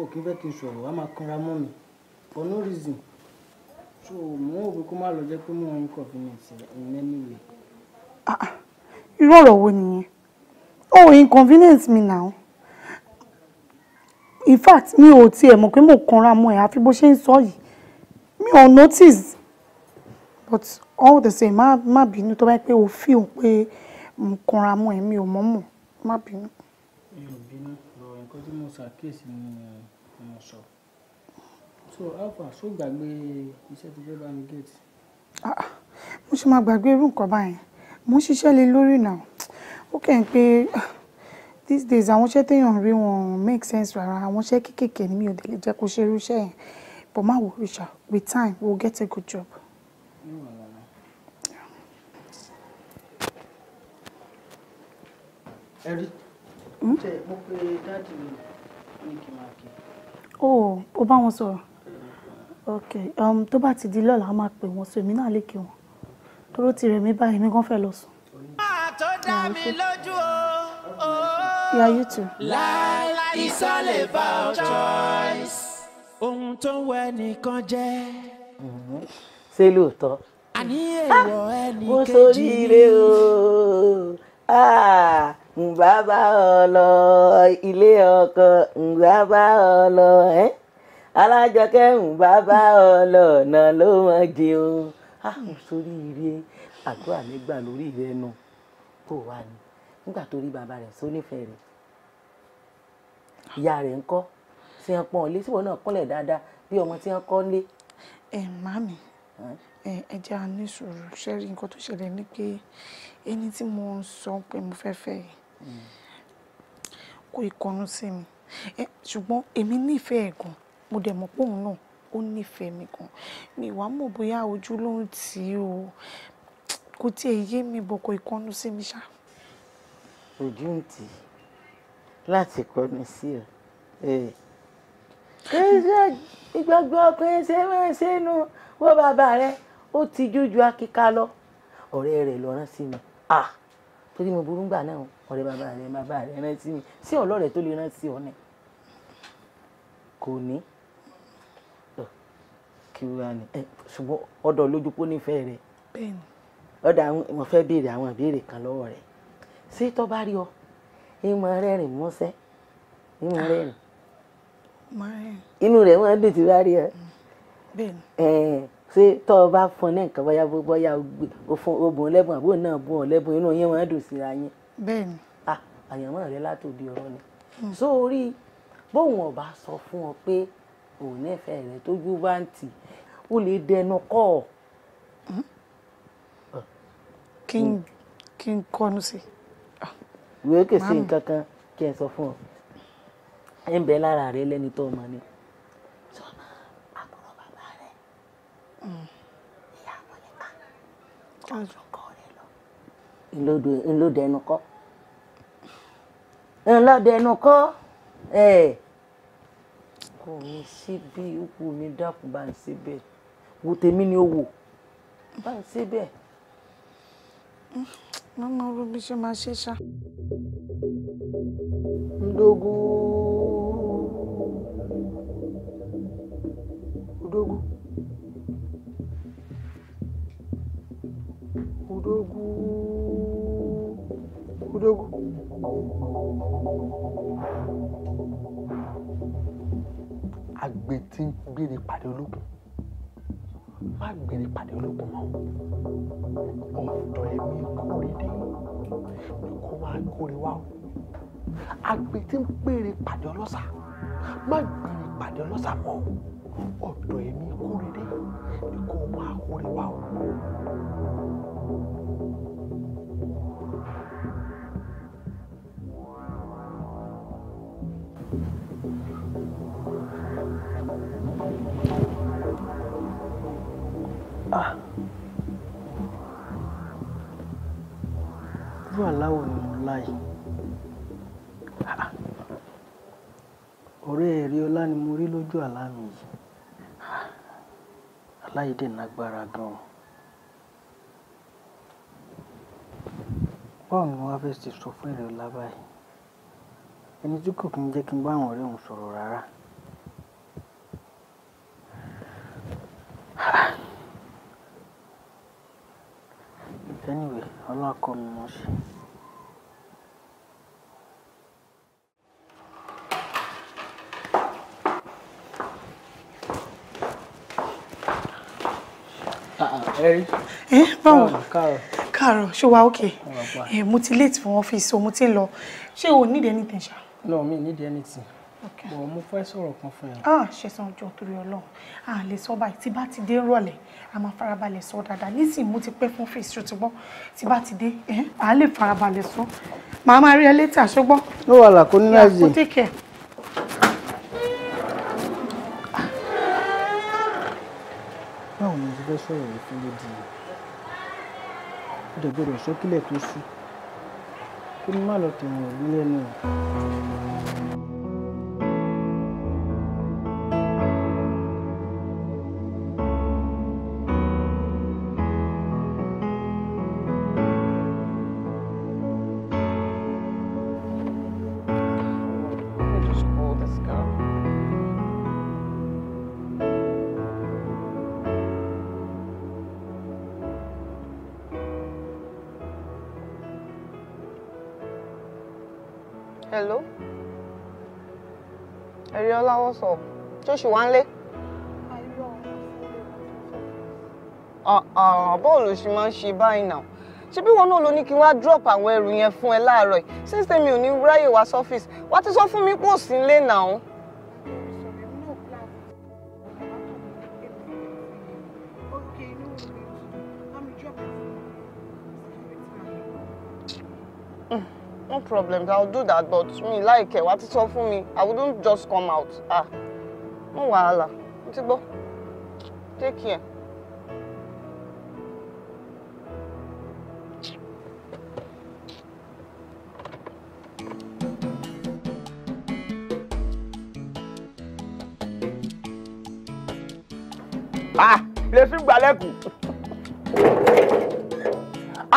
o kì í fẹ́ kí n sọ̀rọ̀ wàá máa kanra mọ́ mi for no reason so mo ń wò kó má lọ jẹ́ pé mo ń inconvenience in any way. Ah, ah. irú ọ̀rọ̀ wo nìyẹn oh inconvenience me now in fact mi ò tiẹ̀ mọ̀ pé mo kanra mọ́ ẹ̀ àfi bó ṣe ń sọ yìí mi ò notice but all the same ma má bínú tó bá pé o fi hàn pé mo kanra mọ́ ẹ̀ mi ò mọ̀ mọ̀ má bínú. mi ò bínú lọ nǹkan tí mo ṣàkíyèsí ni mo sọ so alpha ṣó gbàgbé iṣẹ́ tó fẹ́ bá mi gate. Ah, ah, mo ṣe máa gbàgbé irú nǹkan báyẹn mo ń ṣiṣẹ́ lé lórí ó kẹ́ pé these days àwọn iṣẹ́ téèyàn rí wọn make sense rárá àwọn iṣẹ́ kéékèèké ni mi ò délé jẹ́ kó ṣe irú iṣẹ́ yẹn but má wò ó with time We'll get a good job. ẹ̀rí tẹ hmm? mo pe dáàdì mi ní kí n máa bá wọn sọ̀rọ̀ ok um, tó bá ti di lọ́la a máa pè wọ́n so èmi náà lè kí wọn dúró tirẹ̀ mi báyìí mi kàn fẹ́ lọ sùn dá mi lójú o. Yeah, you too. Life is all about choice. Ohun tó ń wẹ nìkan jẹ́. Ṣé lóòótọ́? Àní èèwọ̀ ẹnì kejì. Mo ṣoríire o. Ǹgbà bá ọ lọ ilé ọkọ, ǹgbà bá ọ lọ ẹ́. Alájọkẹ́ ǹgbà bá ọ lọ ọ̀nà ló mọ̀ jẹun. Mo ṣoríire àdúrà mi gbà lórí rẹ tó wà ní nígbà tó rí bàbá rẹ̀ só nífẹ̀ẹ́ rẹ̀ ìyá rẹ̀ ń kọ́ tí wọ́n pọ́n lé síwọ́n náà kúnlẹ̀ dáadáa bí ọmọ tí wọ́n kọ́ lé. ẹ màmí ẹ jẹ́ a ní sùúrù nǹkan tó ṣẹlẹ̀ ni pé ẹni tí mo ń sọ pé mo fẹ́ fẹ́ yìí hmm. kó ìkọrún sí mi ṣùgbọ́n èmi nífẹ̀ẹ́ gan mo dẹ̀ mọ̀ pé òun náà ó nífẹ̀ẹ́ mi gan mi wàá mọ̀ bóyá ojú ló ń tì í o kò tiẹ̀ yé mi bọ̀kọ̀ ìkọnu sí mi ṣá. ojú ń tì láti kọnu sí ọ eh. ìgbàgbọ́ ọkùnrin ṣe máa ṣẹ́nu wọ bàbá rẹ ó ti jújú akíká lọ ọ̀rẹ́ rẹ̀ lọ rán sí mi torí mo burú gbà náà ọ̀rẹ́ bàbá rẹ̀ bàbá rẹ̀ rán sí mi sí ọlọ́rẹ̀ tó lè rán sí ọ ní kò ní kí wàá ní eh, ṣùgbọ́n ọ̀dọ̀ lójú pọ̀ nífẹ̀ẹ́ rẹ̀. bẹ́ẹ̀ni ọ̀dà wọn fẹ́ béèrè àwọn ìbéèrè kan lọ́wọ́ rẹ̀ ṣé tó bá rí ọ ìmọ̀ rẹ́rìn músẹ́ ìmọ̀ rẹ́rìn inú rẹ̀ wọ́n dùn tí bá rí ọ mm, ṣé tó o bá fún ọ ní nǹkan bóyá bóyá o fún obùn lẹ́bùn àbúrò náà bùn ọ lẹ́bùn inú yẹn wọ́n dùn síra yín bẹ́ẹ̀ni ah àyànmọ́ rẹ látòbí ọ̀rọ̀ ni so mm. orí bóun ọba sọ fún ọ pé òun nífẹ̀ẹ́ rẹ tójú bá ń tì ó lè dẹnu kọ́ ọ kí n kí n kọnu sí. ìwé kè sí nǹkan kan kí n sọ fún ọ ẹ ń bẹ lára rẹ lẹni tó ọmọ ni sọmọ àbúrò bàbá rẹ mm. ìyá àwọn nìkan tọ́jú kọ rẹ lọ. ńlọdẹnu kọ ńlọdẹnu ẹ kò ní síbi ikú mi dákun bá ń síbẹ̀ wò tèmi ni ó wò bá ń síbẹ̀ má má rú bí ṣe máa ṣe ṣá. ǹdógún ǹdógún ǹdógún ǹdógún. àgbẹ̀ tí ń gbére pàdé má gbèrè pàdé ológun mọ́ ọ̀dọ̀ ẹ̀mí kórè dé ni kò máa kórè wá o àgbẹ̀ tí ń pèrè pàdé ọlọ́sà má gbèrè pàdé ọlọ́sà mọ́ ọ̀dọ̀ ẹ̀mí kórè dé ni kò máa kórè wá o. Ah. irú aláwọ̀ ni mo láyìí ah. ọ̀rẹ́ ẹ̀rí ọlá ni mo rí lójú àlá mi yìí aláìdè ah. nágbára gan-an báwo ni wọ́n fẹ́ ṣe sọ fún ẹ̀rí ọlá báyìí ẹni tí kò kí ń jẹ́ kí n bá àwọn ọ̀rẹ́ òun sọ̀rọ̀ rárá. anyway Ọlọ́run kọ́ mi mọ̀ ṣe. ẹrí. Ah, ẹ báwo káàrọ̀ káàrọ̀ ṣó wa ókè ẹ mo ti late fún ọ́fíìsì o mo ti ń lọ ṣé o need anything ṣá. no me need anything bọ̀ mo fẹ́ sọ̀rọ̀ kan fún ẹ. ah ṣẹ̀sán ọjọ́ torí ọlọ́run à lè sọ báyìí tí bá ti dé rọ̀lẹ́ a máa farabalẹ̀ sọ dáadáa nísìnyí mo ti pẹ́ fún fèsì tó ti gbọ́ tí bá ti dé à lè farabalẹ̀ sọ màá máa rí ẹ létí àṣọgbọ́. ló wà lákò ní láì jẹ. yàtọ̀ báwo ni mo ti fẹ́ sọ̀rọ̀ yìí fún lódì yìí ó dẹ̀ gbọ́dọ̀ sọ́kílẹ̀ tó sùn kí n má lọ tẹ̀wọ̀n ìlú lẹ́nu ẹ̀. Hello? Ẹ̀ríọ́lá what's up? Joshua wá ń ah. Bọ́ọ̀lù ṣì máa ń ṣe báyìí náà. Ṣé bí wọn náà ló ní kí wọ́n á drop àwọn ẹrù yẹn fún ẹ láàárọ̀ Since tèmi ò ní ráyè wá sọ́fíìsì, wá ti sọ fún mi pé ò sí now? problems i will do that but me, like láìkẹ what ti sọ for me. i wouldn't just come out ah no wahala mo ti take care. ah lè fi gbalẹ́kùn.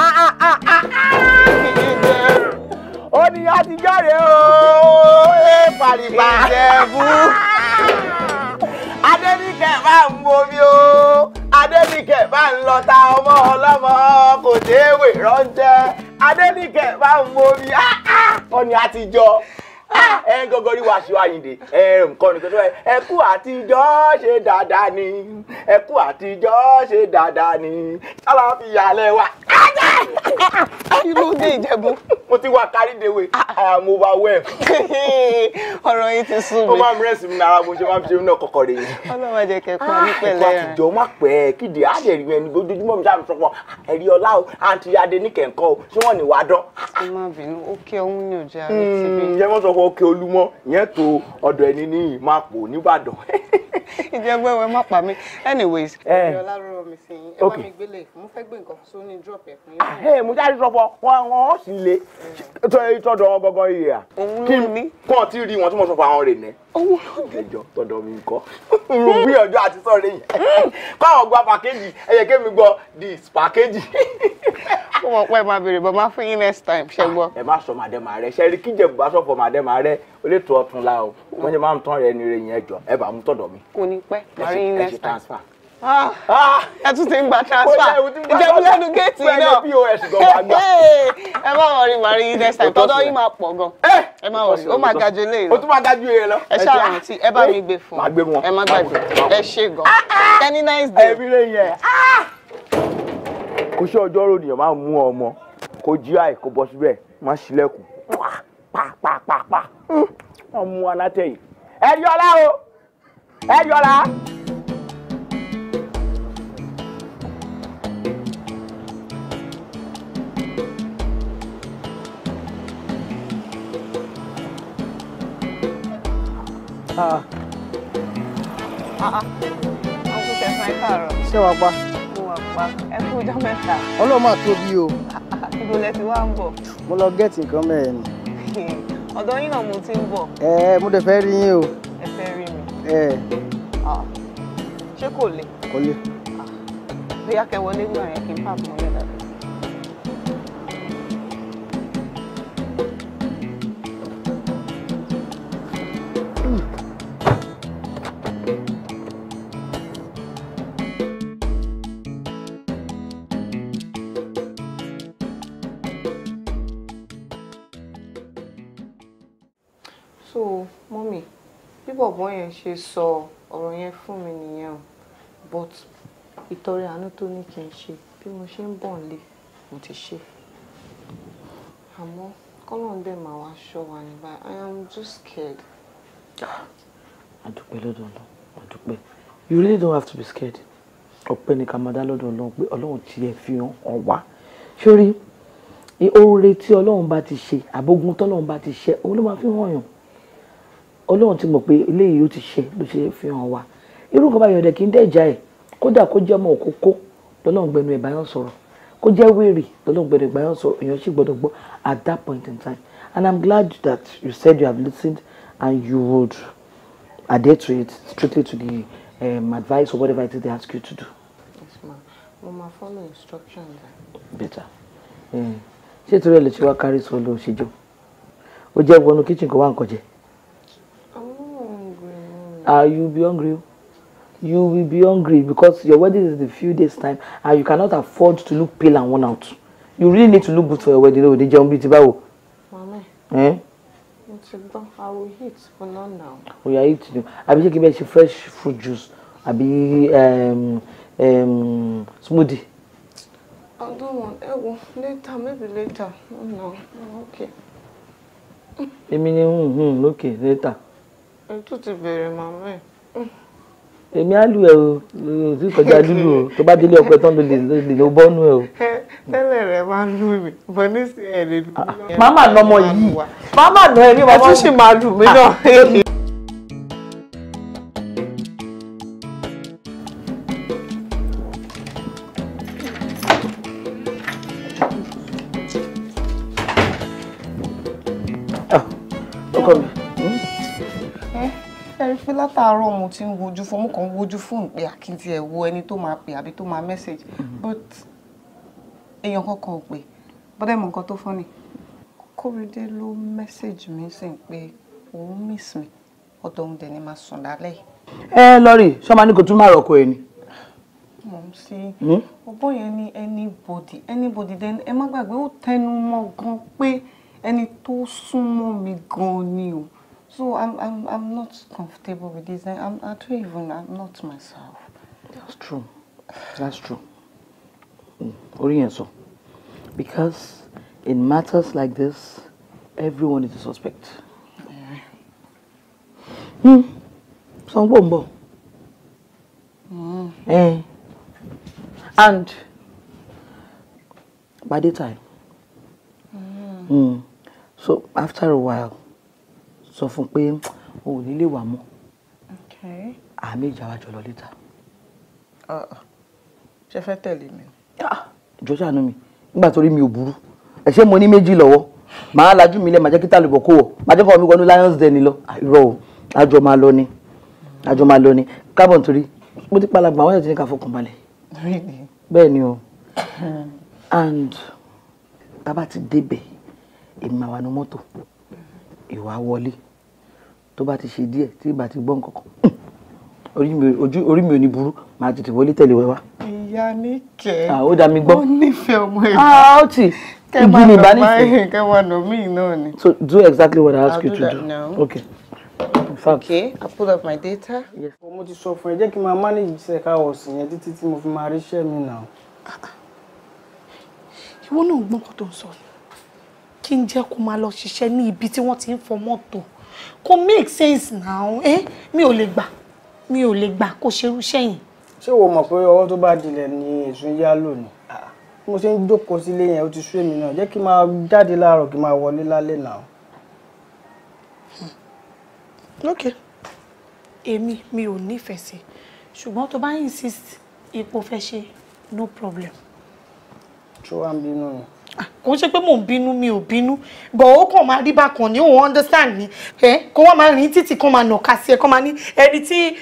ah ah ah ah ah jáde o ẹ pàrìpà Ìjẹ̀bú. Adéníkẹ̀ bá ń bomi o Adéníkẹ̀ bá ń lọta ọmọ ọlọ́mọ kò déwè rọ́ńjẹ́ Adéníkẹ̀ bá ń bomi ah, ah, ọ̀nì àtijọ́. Ah, ẹ ń gọgọrí wá aṣọ àyìndé ẹ nǹkan nìkan tó ẹ kú àtijọ́ ṣe dáadáa ni ẹ àtijọ́ ṣe dáadáa ni sálàáfíà lẹ wà. kí ló dé ìjẹ̀bú. mo ti wá kárí dewe i'm overwhelmed. ọ̀rọ̀ yìí ti sún mi. ó máa ń rẹ́sì mi nára mo ṣe máa ń ṣe náà kọ̀kọ̀ rèé. ọlọ́wọ́ jẹ́ kẹ́ pa ah, pẹ̀lẹ́ rẹ̀. àtijọ́ má pẹ́ kíde á dẹ̀ rí ẹni ojoojúmọ́ mi sáà sọ fún ah, ẹ̀rí ọlá o àǹtí adé ní kẹ̀ǹkọ́ o ṣé wọ́n ní wàá dán. má bínú ó kẹ́ ọ̀hún ní òjò àrètí bí. Hmm, ǹjẹ́ wọ́n sọ fún ọ kẹ́ lójoojúmọ́ yẹn tó ọ̀dọ̀ ẹni ní ìmáàpò nìbàdàn. ìjẹ́gbẹ́ wẹ má pa mí anyways. ẹ ẹ ọlárọ̀ ẹ bá mi sọ fọ wọn wọn sì le tọdọ wọn gọgọ yìí à kí n kàn tí rí wọn tí mo sọ fún àwọn rè ní. ẹjọ tọdọ mi nǹkan gbìyànjú àti sọ̀rọ̀ yìí káwọn gba pàkéjì ẹyẹ kémi gbọ́ dis pàkéjì mo mọ̀ pé máa bèrè bọ̀ máa fún yín next time ṣẹ́gbọ́. ẹ má sọ màdẹ́mà rẹ ṣe rí kíjẹ̀bù bá sọ fọ màdẹ́mà rẹ ó lè tó ọtún la o wọ́n ṣe máa ń tán rẹ̀ ní rẹ̀ yẹn jọ ẹ bá mú tọ̀dọ̀ mi. kò ní pẹ́ parí next time. ẹ tún ti ń gba transfer ìjẹun lẹ́nu géètì náà ẹ má wọrí parí next time tọ́dọ̀ yìí máa pọ̀ gan eh! ẹ má wọrí ó máa ga ju eléyìí lọ ó tún máa ga ju eléyìí lọ. ẹ ṣáà rántí ẹ bá mi gbé fún un ẹ má gbàgbé ẹ ṣe gan ah, ah, ah. any nice day. ẹ bí lè yẹ kò sí ọjọ́ ròdìyàn máa mú ọmọ kò jí àì kò bọ́ síbẹ̀ má ṣílẹ̀kùn pàápàápàá hmm. ọmọ alátẹ̀yìn ẹ o ẹ Ah. Ah, ah. Ṣé wàá pa? Ẹ kú ọjọ́ mẹ́ta. Ọlọ́run máa tóbi o. Ibo lẹ ti wá ń bọ̀? Mo lọ gẹ́ẹ̀tì nǹkan mẹ́rin ni ọ̀dọ̀ yín náà mo ti ń bọ̀. ẹ ẹ mo dẹ̀ fẹ́ rí yín o. ẹ fẹ́ rí mi. ẹ ẹ. ṣé kò le. kò le. bóyá kẹ wọlé gbà yẹn kí n pàpọ̀ mọ́lẹ̀ dáadáa. bọ̀bọ́n yẹn ṣe sọ ọ̀rọ̀ yẹn fún mi nìyẹn o but ìtọrẹ àánú tó ní kí n ṣe bí mo ṣe ń bọ̀ nílé mo ti ṣe àmọ́ kọ́lọ́n dẹ̀ máa wá ṣọ́ wa ní báyìí I am just scared. àdúpẹ́ ah, lọ́dọ̀ ọ̀nà àdúpẹ́ you really don't have to be scared ọpẹ́ ni ká máa dá lọ́dọ̀ ọlọ́run pé ọlọ́run ti ẹ̀ fi hàn wá sórí oore tí ọlọ́run bá ti ṣe àbógun tọ́lọ́run bá ti ṣe òun máa fi hàn yàn ọlọ́run ti mọ̀ pé eléyìí ó ti ṣe ló ṣe fi hàn wá irú nǹkan báyọ̀ dẹ̀ kí n dẹ̀jà ẹ̀ kódà kó jẹ́ ọmọ òkókó lọ́lọ́run gbẹnu ẹ̀ báyọ̀ sọ̀rọ̀ kó jẹ́ wèrè lọ́lọ́run gbẹnu ẹ̀ báyọ̀ sọ̀rọ̀ èèyàn sì gbọ́dọ̀ gbọ́ at that point in time and i'm glad that you said you have listened and you would adhere to it strictly to the um, advice or whatever it is they ask you to do. yes ma mo ma follow instructions. better hmm. ṣé torí ẹ lè ṣe wá kárí sọ lọ ṣèjọ ó jẹ́ wọnú kíchìn kó wá nǹkan jẹ uh, you be hungry you will be hungry because your wedding is in a few days time and you cannot afford to look pale and worn out you really need to look good for your wedding o oh, de jẹun bíi ti báwo. mama eh? mo ti gbọ́ i will eat for now now. o oh, yà eat ni àbí ṣé kí bẹ́ẹ̀ fresh fruit juice àbí um, um, smoothie. i don't want ewo eh, later maybe later oh, no no okay. èmi ni hmm, hmm, okay later ẹ tún ti bẹ̀rẹ̀ màmá ẹ̀. èmi á lù ẹ o tí kọjá lúlù o tó bá délé ọpẹ tán ló lè lọ bọ́nú ẹ o. tẹ́lẹ̀ rẹ̀ máa ń lù mí bọ́ ní sí ẹ̀ lè lù mí. màmá nà ọmọ yìí màmá nà ẹ ní wọn. ẹ tún sì máa lù mí náà. Come. Ah, ẹ̀rí pé látàárọ̀ mo ti ń wojú fún mo kàn ń wojú fún ìpè àkíntì ẹ̀ wo ẹni tó máa pè àbí tó máa message mm-hmm. but èèyàn kankan ò pè bọ́dà ìmọ̀ nǹkan tó fọ́nì Kóredé ló message mi sí pé òun miss me? ọ̀dọ̀ òun dẹ̀ ni máa sùn lálẹ́ yìí. ẹ lọ́rì ṣọ́mà ní kò tún máa rọ̀kọ̀ ẹ ni. mo ń sí ọgbọ́n yẹn ní anybody anybody then ẹ má gbàgbé ó tẹnu mọ́ gan pé ẹni tó súnmọ́ mi gan ni o. So I'm, I'm, I'm not comfortable with this. I'm, I don't even, I'm not myself. That's true. That's true. Mm. Orienso. Because in matters like this, everyone is a suspect. Yeah. Hmm. Some bombo. Mm. Eh. And by the time. Mm. Mm. So after a while, sọ fún un pé o ò nílé wà mọ́ àmì ìjà wa jọlọ létà. Uh-uh. ṣe fẹ́ tẹ̀lé mi. Ah, jọ́jà nu mi nígbà tó rí mi ò burú ẹ̀ṣẹ́ mo ní méjì lọ́wọ́ màá lajú mi lẹ̀ màá jẹ́ kí tàlùbọ̀ kó wọ̀ màá jẹ́ kọ́ mi wọnú lions den ni lọ ah, irọ́ o àjọ máa lọ ni àjọ máa lọ ni kábọ̀n torí mo ti palagba àwọn ẹ̀jẹ̀ ní ká fọkàn balẹ̀. bẹ́ẹ̀ ni o hmm. and tá a bá ti débẹ̀ èmi máa wà mọ́tò ìwà wọlé tó bá ti ṣe díẹ̀ tí ìgbà ti gbọ́ nǹkan kan orí mi ò ní burú màá tètè wọlé tẹ̀lé wẹ́wà. ìyá ní kẹ́ ó dá mi gbọ́ ó nífẹ̀ẹ́ ọmọ ẹ̀ ó tì igi ní ìbánífẹ̀ẹ́ kẹwàá nà mí náà ni. so do exactly what i ask I'll you to do. Now. okay. okay i pull up my data. mo ti sọ fún ẹ jẹ́ kí n máa manage iṣẹ́ káwọ̀sì yẹn títí tí mo fi máa rí iṣẹ́ mi náà. Ah, ìwọ náà gbọ́n kó tó ń sọ kí n jẹ́ kó máa lọ ṣiṣẹ́ ní ibi tí wọ́n ti ń fọ mọ́tò kò make sense now eh mi ò lè gbà mi ò lè gbà kó ṣerú sẹ́yìn. ṣé wo mọ̀ pé ọwọ́ tó bá dilẹ̀ ni èso yá lónìí ah, mo ṣe ń jókòó sílé yẹn ó ti sú èmi náà jẹ́ kí n máa jáde láàárọ̀ kí n máa wọlé lálẹ́ náà. Hmm. ok èmi mi ò nífẹ̀ẹ́ sí ṣùgbọ́n tó bá insist ipò fẹ́ ṣe no problem. ṣó wá bínú ni. Ah, kò ń ṣe pé mò ń bínú mi ò bínú bọ̀ ó kàn máa rí bákan ní òun understand ni ẹ kó wọ́n máa rìn títì kó máa nàka sí ẹ kó máa ní ẹni tí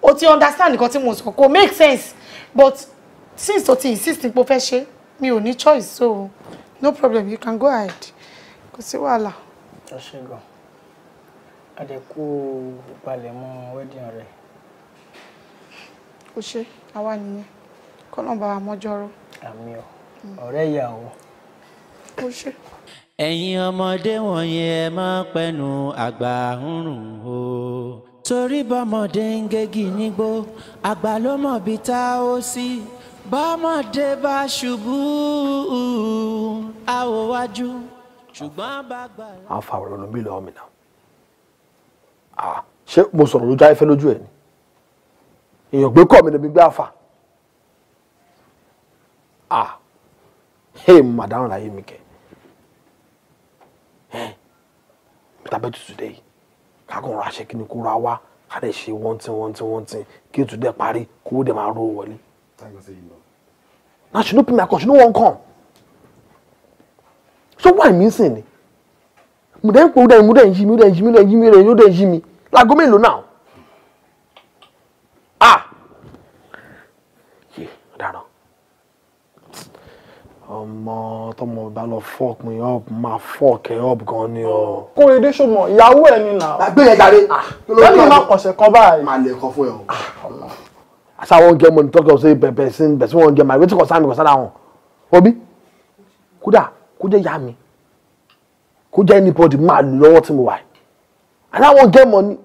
o ti understand nǹkan tí mo sọ kò make sense but since o ti insist pé o fẹ́ ṣe mi ò ní choice so no problem you can go ahead kò sí wàhálà. ẹ ṣe gan adẹ̀kú ìpalẹ̀mọ́ wedding rẹ̀. ó ṣe àwa nìyẹn kọ́nà bá wa mọ́jọ́rọ́. àmì ọ̀ ọ̀rẹ́ ìyàwó. ẹ̀yin ọmọdé wọ̀nyẹn ẹ máa pẹnu àgbà ń rùn o torí bọ́mọdé ń gégi nígbó àgbà ló mọ̀ bí tá ó sí bọ́mọdé bá ṣubú àwò wájú ṣùgbọ́n bàgbà. àwọn fa ọ̀rọ̀ ló lọ́wọ́ mi náà ṣé mo sọ̀rọ̀ lójú ayẹ́fẹ́ lójú ẹ̀ ni èèyàn gbé kọ́ mi lèmi gbé àfà. Ah. Hey, madam la yemi ke eh tabe today ká kàn ra ṣe kíni kó ra wá ká dẹ̀ ṣe one thing one thing one thing kí ètò dẹ̀ parí kó dẹ̀ na she no pay my call she no wan come so why mi sìn ni mo dẹ̀ ń pè mo dẹ̀ ń yí mi mo dẹ̀ ń yí mi mo dẹ̀ ń yí mi mo dẹ̀ ń yí mi láago mélòó náà. ọmọ tọmọ bá lọ fọk mi up máa fọk ẹ up gan ni o. kórèdé ṣọmọ ìyàwó ẹ ni nà. àgbẹ̀yẹ gàdé. Ah, lẹ́yìn máa kọ̀ṣẹ̀ kan báyìí. máa lè kọ fún ẹ o. asa ah, wọn gẹ mọni tọkọ sẹ bẹbẹ sin bẹsẹ wọn gẹ mọ àgbẹtí kọsán mi kọsán àwọn obi kódà kó jẹ yá mi kó jẹ anybody máa lù lọ́wọ́ tí mo wà and àwọn gẹ mọni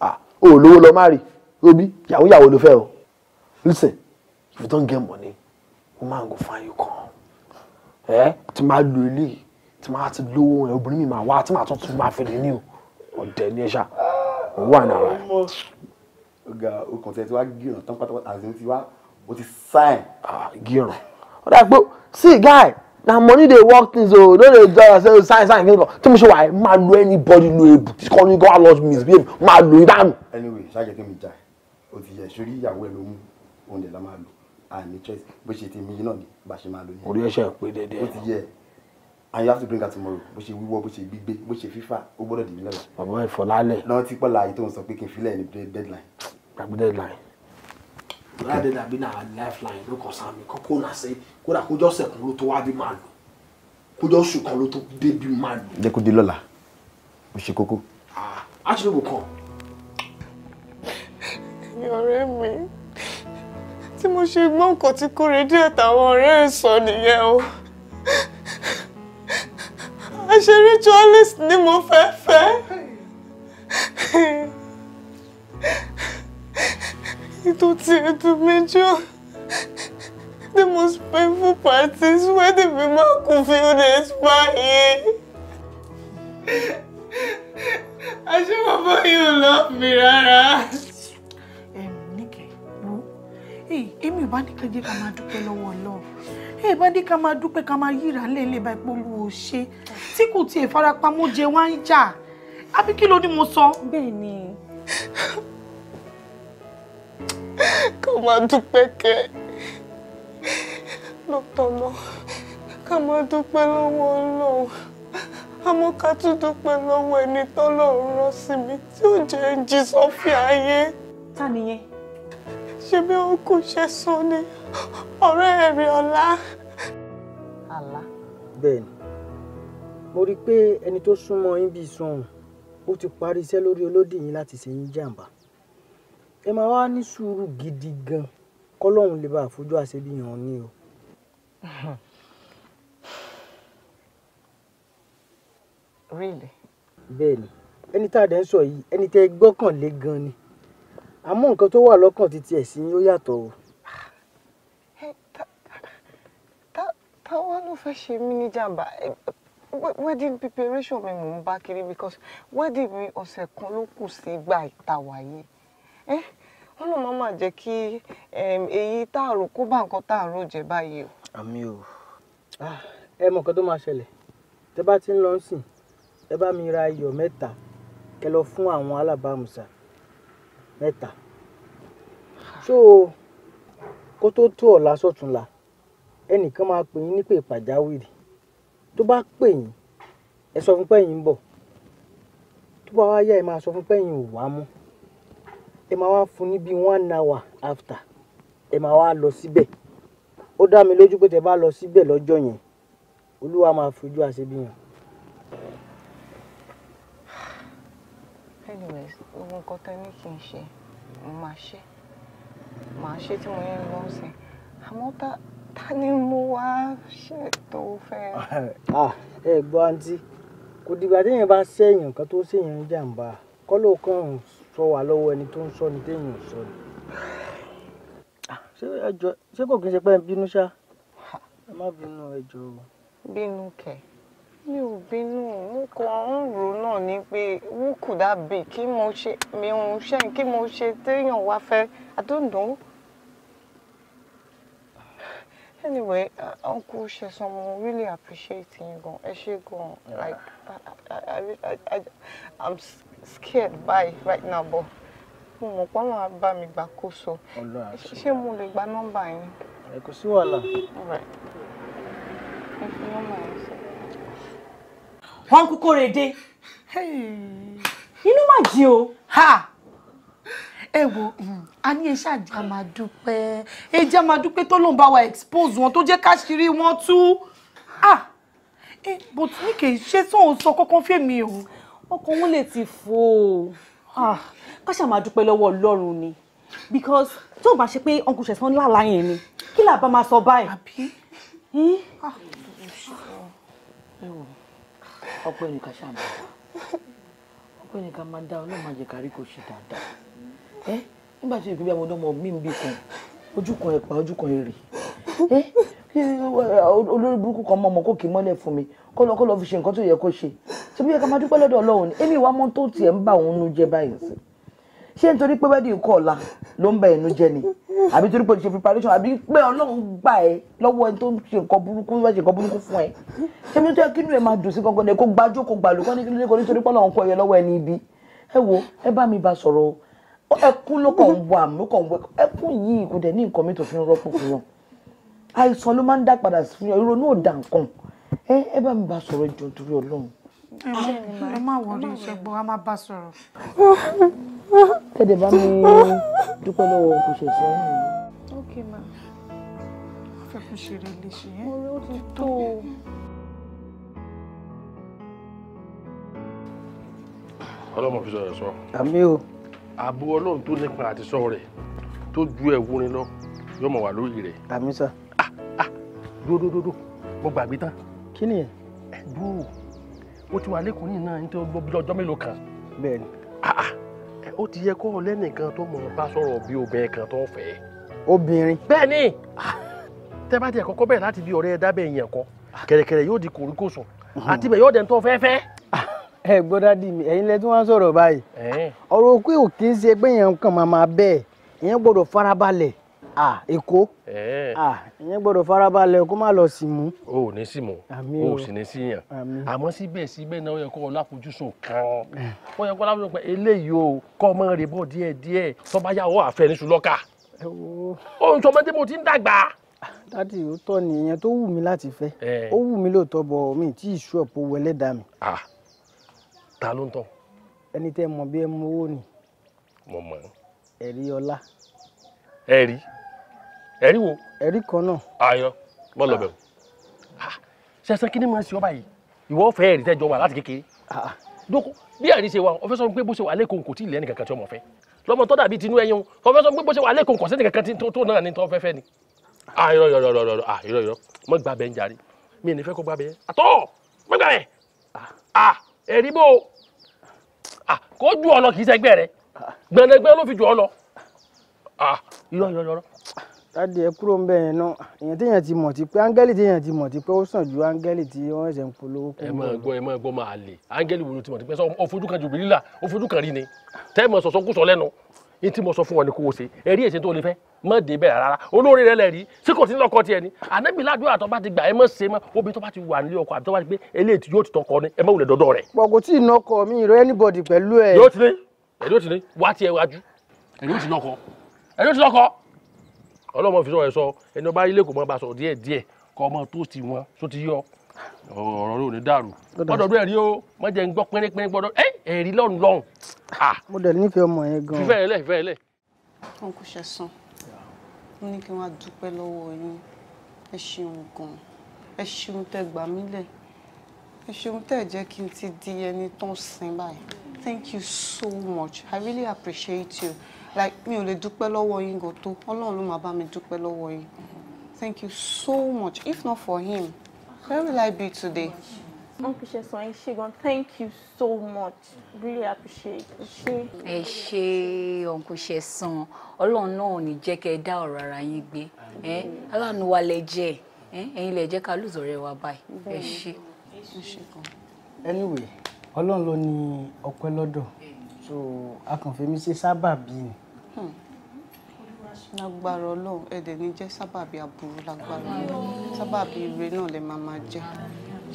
ah olówó lọ má rí obi yàwó yàwó ló fẹ́ o listen if you don get money woman go find you come ẹ tí máa lo eléyìí tí máa ti lówó ẹ obìnrin mi máa wá tí máa tún tún máa fẹ́lẹ̀ ní o ọ̀dẹ̀ ní ẹ̀ṣà wà nára. ọgá okùn tẹ ti wá gíràn tán pátápátá àti ti wá o ti sáìn. gíràn ó dà pé see guy na money dey work things o no dey do ẹ say sign sign kí n kọ tí mo ṣe wà ẹ lo anybody lo ebù tí kò ní go out misbehave máa lo ìdánù. anyway ṣáàjẹ́ kí mi jà o ti yẹ sórí ìyàwó ẹ ló mú oúnjẹ la máa lò àní choice bó ṣe ti mi yìí náà ni bá ṣe máa lò ní. orí ẹ̀ṣẹ̀ pé dédé. ó ti yẹ and you have to bring her tomorrow bó ṣe wíwọ́ bó ṣe gbígbé bó ṣe fífà ó gbọ́dọ̀ dìbí lọ́la. bàbá ìfọlálẹ̀. náà tí pọ́lá ayé tó ń sọ pé kí n filẹ̀ ní deadline. gbàgbé deadline. bọ́lá dé dàbí náà lifeline ló kàn sáà mi kọ́ kó nà ṣe kódà kójọ́ sẹ̀kún ló tó wá bí máa lò kójọ́ oṣù kan ló tó dé bí máa lò. jẹ́ kó dé lọ́la ó ṣe kókó. àṣìlò ah, wò kàn. ọ̀rẹ́ mi tí mo ṣe gbọ́ nǹkan tí Kóredé àtàwọn ọ̀rẹ́ ẹ̀ sọ nìyẹn o àṣẹ ritualist ni mo fẹ́ fẹ́ ètò ti ètò méjì the most painful part is when the woman could feel the spine. àṣé bàbá yóò love me rárá èmi ò bá ní kẹjẹ ká máa dúpẹ́ lọ́wọ́ Ọlọ́run ẹ bá ní ká máa dúpẹ́ ká máa yíra lẹ́lẹ́ bá ipò olúwo ṣe tí kò tiẹ̀ farapamọ́ jẹ wá ń jà àbí kí ló ní mo sọ. bẹ́ẹ̀ ni ká máa dúpẹ́ kẹ́ lọ́tọ̀ọ̀nà ká máa dúpẹ́ lọ́wọ́ Ọlọ́run àmọ́ ká tún dúpẹ́ lọ́wọ́ ẹni tọ́lọ́run sí mi tí ó jẹ́ jí sọ́fíà ayé. ta nìyẹn ṣe bí òun kò ṣe sọ ni ọ̀rẹ́ ẹ̀rí ọ̀la. àlá. bẹ́ẹ̀ ni mo rí i pé ẹni tó súnmọ́ yín bíi sọ̀hún ó ti parí iṣẹ́ lórí olódì yín láti ṣe yín jàǹbá ẹ máa wá ní sùúrù gidi gan kọ́lọ́hún lè bá àfojú àṣebí hàn ní o. really. bẹ́ẹ̀ ni ẹni tá a dẹ̀ ń sọ yìí ẹni tẹ́ ẹ gan ni àmọ́ nǹkan tó wà lọ́kàn ti tiẹ̀ sí ó yàtọ̀ o. táwa ló fẹ́ ṣe mí ní jàǹbá wedding preparation mi mò ń bá kiri because wedding mi ọ̀sẹ̀ kan ló kù sí ìgbà ìtawà yìí wọn lọ máa jẹ́ kí èyí tààrò kó bá nǹkan tààrò jẹ́ báyìí o. àmì o ah, ẹ mọ nǹkan tó máa ṣẹlẹ̀ tẹ bá ti ń lọ sìn ẹ bá mi ra iyọ̀ mẹ́ta kẹ lọ fún àwọn alábàámùsà mẹ́ta so kó tó tó ọ̀la sọ́túnla ẹnìkan máa pè yín nípè pàjáwìrì tó bá pè yín ẹ sọ fún pẹ́yìn ń bọ̀ tó bá wá yá ẹ máa sọ fún pẹ́yìn ò wá mú ẹ máa wá fún ní bíi one hour after ẹ máa wá lọ síbẹ̀ ó dá mi lójú pé tẹ bá lọ síbẹ̀ lọ́jọ́ yẹn olúwa máa fojú àṣebíyàn anyways gbogbo nǹkan tẹ ní kí n ṣe màá ṣe màá ṣe tí mo yẹn lọ sí àmọ́ tá ta ni mo wá ṣètò fẹ́. Ah, ẹ gbọ́ àǹtí kò dìgbà téèyàn bá ṣẹ̀yàn kan tó ṣèyàn jàǹbá kọ́ ló kàn ń sọ wà lọ́wọ́ ẹni tó ń sọ ni téèyàn ò sọ ni. Ah, ṣé kò kí n ṣe pé bínú ṣá ẹ má bínú ẹ bínú kẹ̀ mi ò bínú mo kàn ń rò náà ni pé who could that kí mo ṣe mi ò ṣe kí mo ṣe téèyàn wá fẹ́ I anyway uh, uncle Sheson mo really appreciate yín gan ẹ ṣé gan like I, I, I, I, I'm scared by right now but mo mọ̀ pé ọlọ́run á bá mi gbà kó so ṣé mo lè gba nọ́mbà yín. ẹ kò sí wàhálà. ẹ fi nọ́mbà yín sọ wọn kúkó rèdè inú mà jí o. ẹ wo mm, a ní iṣẹ́ àjà máa dúpẹ́ ẹjẹ́ máa dúpẹ́ tó ló ń bá wa expose wọn tó jẹ́ káṣírí wọn tú bó ti ní kì í ṣe sóun sọ kọ́kọ́ fèmí o. ọkàn wọn lè ti fò ó káṣà máa dúpẹ́ lọ́wọ́ ọlọ́run ni because tó bá ṣe pé uncle ṣẹ̀sán lálàá yẹn ni kí làbá máa sọ báyìí. àbí. Hmm? Ah ọpẹ́ nìkan ṣàmì ọpẹ́ nìkan máa dá ọlọ́mọ àjẹkárí kò ṣe dáadáa ẹ nígbà tí ìgbéyàwó ọmọ mi ń bí kan ojú ẹ̀pà ojú kan ẹ olórí burúkú kan mọ ọmọ kò kí mọ́lẹ̀ fún mi kó fi ṣe nǹkan tó yẹ kó ṣe ṣe bí ẹ ká máa dúpẹ́ lọ́dọ̀ Ọlọ́run ni èmi ìwà mọ́tò tiẹ̀ ń bà òun nu jẹ báyìí sí ṣé nítorí pé wedding kọ̀ ọ̀la ló ń bẹ ẹnu jẹ ni àbí torí pé o ṣe preparation àbí pé ọlọ́run gbà ẹ lọ́wọ́ ẹni tó ń ṣe nǹkan burúkú wọ́n ṣe nǹkan burúkú fún ẹ ṣé mi tó yẹ kí inú ẹ máa dùn sí gangan ni kó gbájú kó gbàlù kọ́ nítorí pé ọlọ́run kọ ẹyẹ lọ́wọ́ ẹni ibi ẹ wo ẹ bá mi bá sọ̀rọ̀ ẹkún ló kàn wà ló kàn wẹ ẹkún yìí kò dẹ̀ ní nǹkan mi tó fi ń rọ́pò fún yàn àìsàn ló máa ń dá padà fún yàn ìrònú ò dà nǹkan ẹ bá mi bá sọ̀rọ̀ ìjọ torí ọlọ́run. ẹ má wọlé ìṣẹ́gbọ́n a máa bá sọ̀rọ̀ tẹ́lẹ̀ bá mi dúpẹ́ lọ́wọ́ kò ṣe sọ yìí. ok ma fẹ́ kó ṣe rẹ̀ lè ṣe yẹn ó ti tó o. ọlọ́mọ fi sọ̀rọ̀ sọ. àmì o. àbú ọlọ́run tó nípa àti sọ rẹ̀ tó ju ẹ̀wúrin lọ yóò mọ̀ wá lórí rẹ̀. àmì sà. dúdúdúdú mo gbàgbé tán. kí ni ẹ. ẹ dúró o ti wà lẹ́kùnrin náà nítorí ọjọ́ mélòó kan. bẹ́ẹ̀ni. Ah, ah ó ti yẹ kó lẹ́nìkan tó mọ̀ bá sọ̀rọ̀ bí obìnrin kan tó ń fẹ́. obìnrin. bẹ́ẹ̀ ni tẹ́ bá tiẹ̀ kọ́kọ́ bẹ̀rẹ̀ láti bí ọ̀rẹ́ dábẹ́ yẹn kọ́ kẹ̀rẹ̀kẹ̀rẹ̀ yóò di kòríkòsùn mhm. àti ibẹ̀ yóò dẹ̀ ń tọ́ fẹ́ẹ́fẹ́. ẹ gbọ́dọ̀ dì mí ẹ̀yin lẹ́tún wá sọ̀rọ̀ báyìí ọ̀rọ̀ òkú òkè ń ṣe pé èèyàn kan máa máa bẹ́ẹ̀ èèyàn gbọ́dọ̀ farabalẹ̀ ah èkó ah ìyẹn gbọ́dọ̀ farabalẹ̀ kó má lọ sí mú. o ò ní sí mú o ò sì ní sí yàn àmọ́ síbẹ̀síbẹ̀ náà ó yẹ kó o láfojúsùn kan ó yẹ kó o láfojúsùn pé eléyìí o kọ́ ọ mọ́ rèébọ̀ díẹ̀díẹ̀ tó bá yà ó àfẹ́ níṣu lọ́kà ohun tó mọ́tí mo ti ń dàgbà dádì ó tọ́ ni ìyẹn tó wù mí láti fẹ́ ó wù mí lóòótọ́ bọ̀ mí tí ìṣú ọ̀pọ̀ owó ẹlẹ́dàá mi. ta ló ń tọ́. ẹni tẹ́ mọ̀ bí ẹ mọ owó ni. mo mọ̀. ẹ̀rí ọlá. ẹ̀rí ẹ̀rí wo. ẹ̀rí kan náà. ayọ mọ lọ bẹ̀rù ṣẹṣẹ kí ni máa ń ṣe ọ báyìí ìwọ ọ̀fẹ́ ẹ̀rí tẹ́jọ wà láti kékeré dókò bí ẹ̀rí ṣe wà ọ̀fẹ́ sọ pé bó ṣe wà lẹ́kọ̀ọ́ kò tí ì lẹ́nu kankan tí ọmọ fẹ́ lọ́mọ tó dàbí tinú ẹyin ọ̀fẹ́ sọ pé bó ṣe wà lẹ́kọ̀ọ́ kò sẹ́ni kankan tó náà ní tó fẹ́ fẹ́ ni. ayọ̀ yọ̀ yọ̀ yọ̀ yọ̀ yọ̀ yọ̀ mọ gbà bẹ́ẹ̀ ń jarí mi ní fẹ́ kó gbà bẹ́ẹ̀ àtọ́ mọ gbà bẹ́ẹ̀ à ah. ah, ẹ̀rí bò ah, kó ju ọ lọ kì í sẹ́gbẹ́ rẹ gbẹ̀nẹ̀gbẹ́ ló fi ju ọ lọ. yọ̀ yọ̀ yọ̀ tádé ẹ kúrò ń bẹ yẹn náà èèyàn téèyàn ti mọ̀ ti pé áńgẹ́lì téèyàn ti mọ̀ ti pé ó sàn ju áńgẹ́lì tí wọ́n ṣẹ̀ ń polówó kúrò. ẹ máa gbọ́ ẹ máa gbọ́ máa lè áńgẹ́lì wo ló ti mọ̀ ti pé ọfojú kan jùbìlì là ọfojú kan rí ni tẹ́ mọ̀ sọ̀sọ́ kú sọ lẹ́nu ní tí mo sọ fún ọ ni kò ṣe ẹ̀rí èsì tó lè fẹ́ mọ̀ dé bẹ́ẹ̀ rárá olórí rẹ lẹ́rí sí kò sí lọ́kọ tiẹ̀ ni ànábì ládùúrà tó bá ti gbà ẹ mọ̀ ṣe mọ́ obì tó bá ti wà nílé ọkọ àbí tó bá ti gbé eléyìí tí yóò ti tọkọ ni ẹ mọ̀ wulẹ̀ dọ́dọ̀ rẹ̀. pọ̀ kò tí ì nọkọ mi ìrọ̀ anybody pẹ̀lú ẹ̀. yóò ti ní ẹ̀rí ó ti ní wá tiẹ̀ wájú ẹ̀rí ó ti nọkọ ẹ̀rí ó ti nọkọ ọlọ́mọ fi sọ̀rọ̀ ẹ sọ ẹni ọba ilé kò mọ bá sọ̀rọ̀ díẹ̀ díẹ̀ kọ́ ọmọ tó ti wọn tó ti yọ ọ̀rọ̀ rẹ̀ ní dàrú ọ̀dọ̀ bẹ́ẹ̀ rí o má jẹ́ ń gbọ́ pínrín-pínrín gbọ́dọ̀ ẹ ẹ̀rí lọ́run lọ́run. mo dẹ̀ nífẹ̀ẹ́ ọmọ yẹn gan-an. fífẹ́ ẹlẹ́ fífẹ́ ẹlẹ́. wọn kò ṣe san mo ní kí wọn á dúpẹ́ lọ́wọ́ yín ẹ ṣeun gan-an ẹ ṣeun tẹ́ gbà mí lẹ̀ ẹ ṣeun tẹ́ jẹ́ kí n ti di ẹni tó ń sin báyìí thank you so much i really appreciate you like mi ò lè dúpẹ́ lọ́wọ́ yín kò tó ọlọ́run ló máa bá mi dúpẹ́ lọ́wọ́ yín thank you so much if not for him where will I be today. Uncle Sheson Ishigun, thank you so much. Really appreciate it. Ẹ ṣé Uncle Sheson, Ọlọ́run náà ni ní jẹ́ kẹ́ ẹ dá ọ̀rọ̀ ara yín gbé. Aláàánú wa lẹ jẹ́ ẹ̀yin lẹ jẹ́ ká lùzọ̀ rẹ wa báyìí. Ẹ ṣé. Anyway, Ọlọ́run ló ní ọpẹ́ lọ́dọ̀, so a kàn fẹ́ mi ṣe sábàbí ni. Hmm. lágbára ọlọ́run ẹ̀dẹ̀ ní jẹ́ sábàbí aburú lágbára sábàbí ire náà lè máa máa jẹ́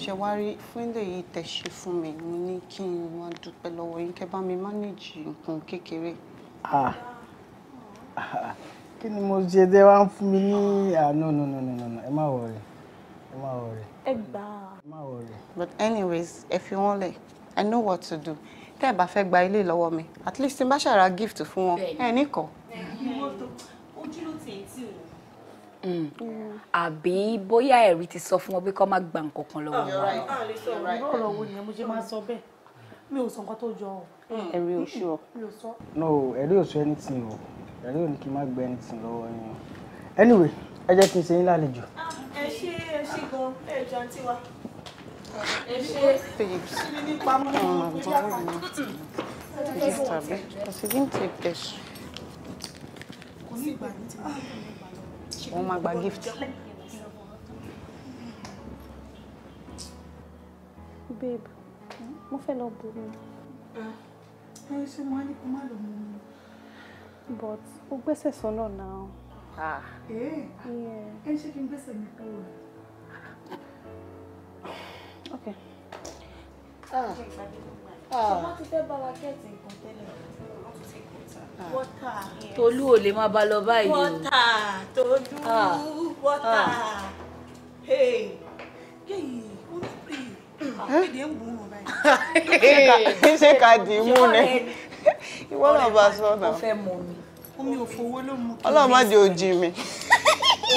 ṣe wá rí fún ilé yìí tẹ̀sí fún mi mo ní kí n wá dúpẹ́ lọ́wọ́ yín kẹ́ bá mi mánéjì nǹkan kékeré. Ah. kí ni mo ṣe dé wá ń fún mi ní àánú ah, no no no no ẹ má wọrẹ ẹ má wọrẹ. ẹ gbà á. ẹ má wọrẹ. but anyways ẹ fi wọ́n lẹ̀ I know what to do tẹ́ ẹ̀ bá fẹ́ gba ilé lọ́wọ́ mi at least tí n bá ṣàrà gift fún wọn ẹ nìkan. Mm. àbí bóyá ẹ̀rí ti sọ fún wọn pé kó má gba nǹkan kan lọ́wọ́ wọn. ọ̀rọ̀ ah, wo mo ṣe máa sọ bẹ́ẹ̀ mi ò sọ nǹkan tó jọ mm. ẹ̀rí ò ṣú no ẹ̀rí ò sọ anything o ẹ̀rí ò ní kí n má gba anything lọ́wọ́ yín anyway ẹ jẹ́ kí n ṣe yín lálejò. Ah, ẹ ṣe é ṣe gan-an ẹ jẹun tiwa. Babes. Wọ́n máa gba gift. Babe, mo fẹ́ lọ bomi. Ẹ ṣe mo á ní kó má lọ mú mi. But o gbẹ́sẹ̀ sọ́nà náà. Ẹ ṣé kí n gbẹ́sẹ̀ mi kúrò. Okay. Ah. Ah. ah. ah. Tolú ò lè máa bá lọ báyìí o. Wọ́tà Tolú wọ́tà. Yéyì olùpì àpèdè ń bùn báyìí. Kí ṣe ká dì í mú ni? Ìwọ náà bá sọ náà. Ó fẹ́ mọ mi. Omi ò fowó ló mú kí n bí. Ọlọ́run má di òjì mi.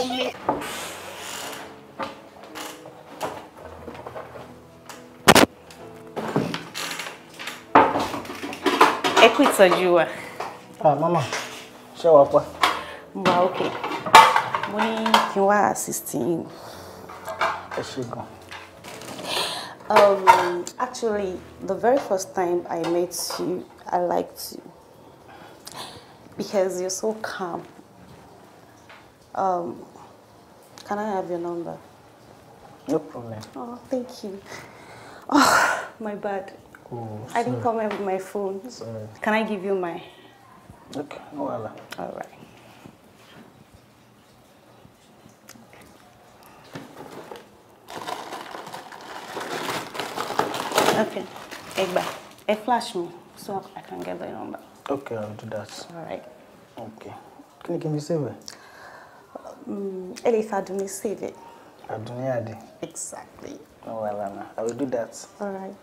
Omi. kú ìtọ́jú Ah, mama show up. pa. assist Um, actually, the very first time I met you, I liked you because you're so calm. Um, can I have your number? No problem. Oh, thank you. Oh, my bad. Oh, I didn't come here with my phone. Sorry. Can I give you my? Okay, no Allah. All right. Okay, Egba, hey, flash me so I can get the number. Okay, I'll do that. All right. Okay. Can you give me save it? Um, Elifa, do me save it. Aduniyade. Exactly. No, well, Anna. I will do that. All right.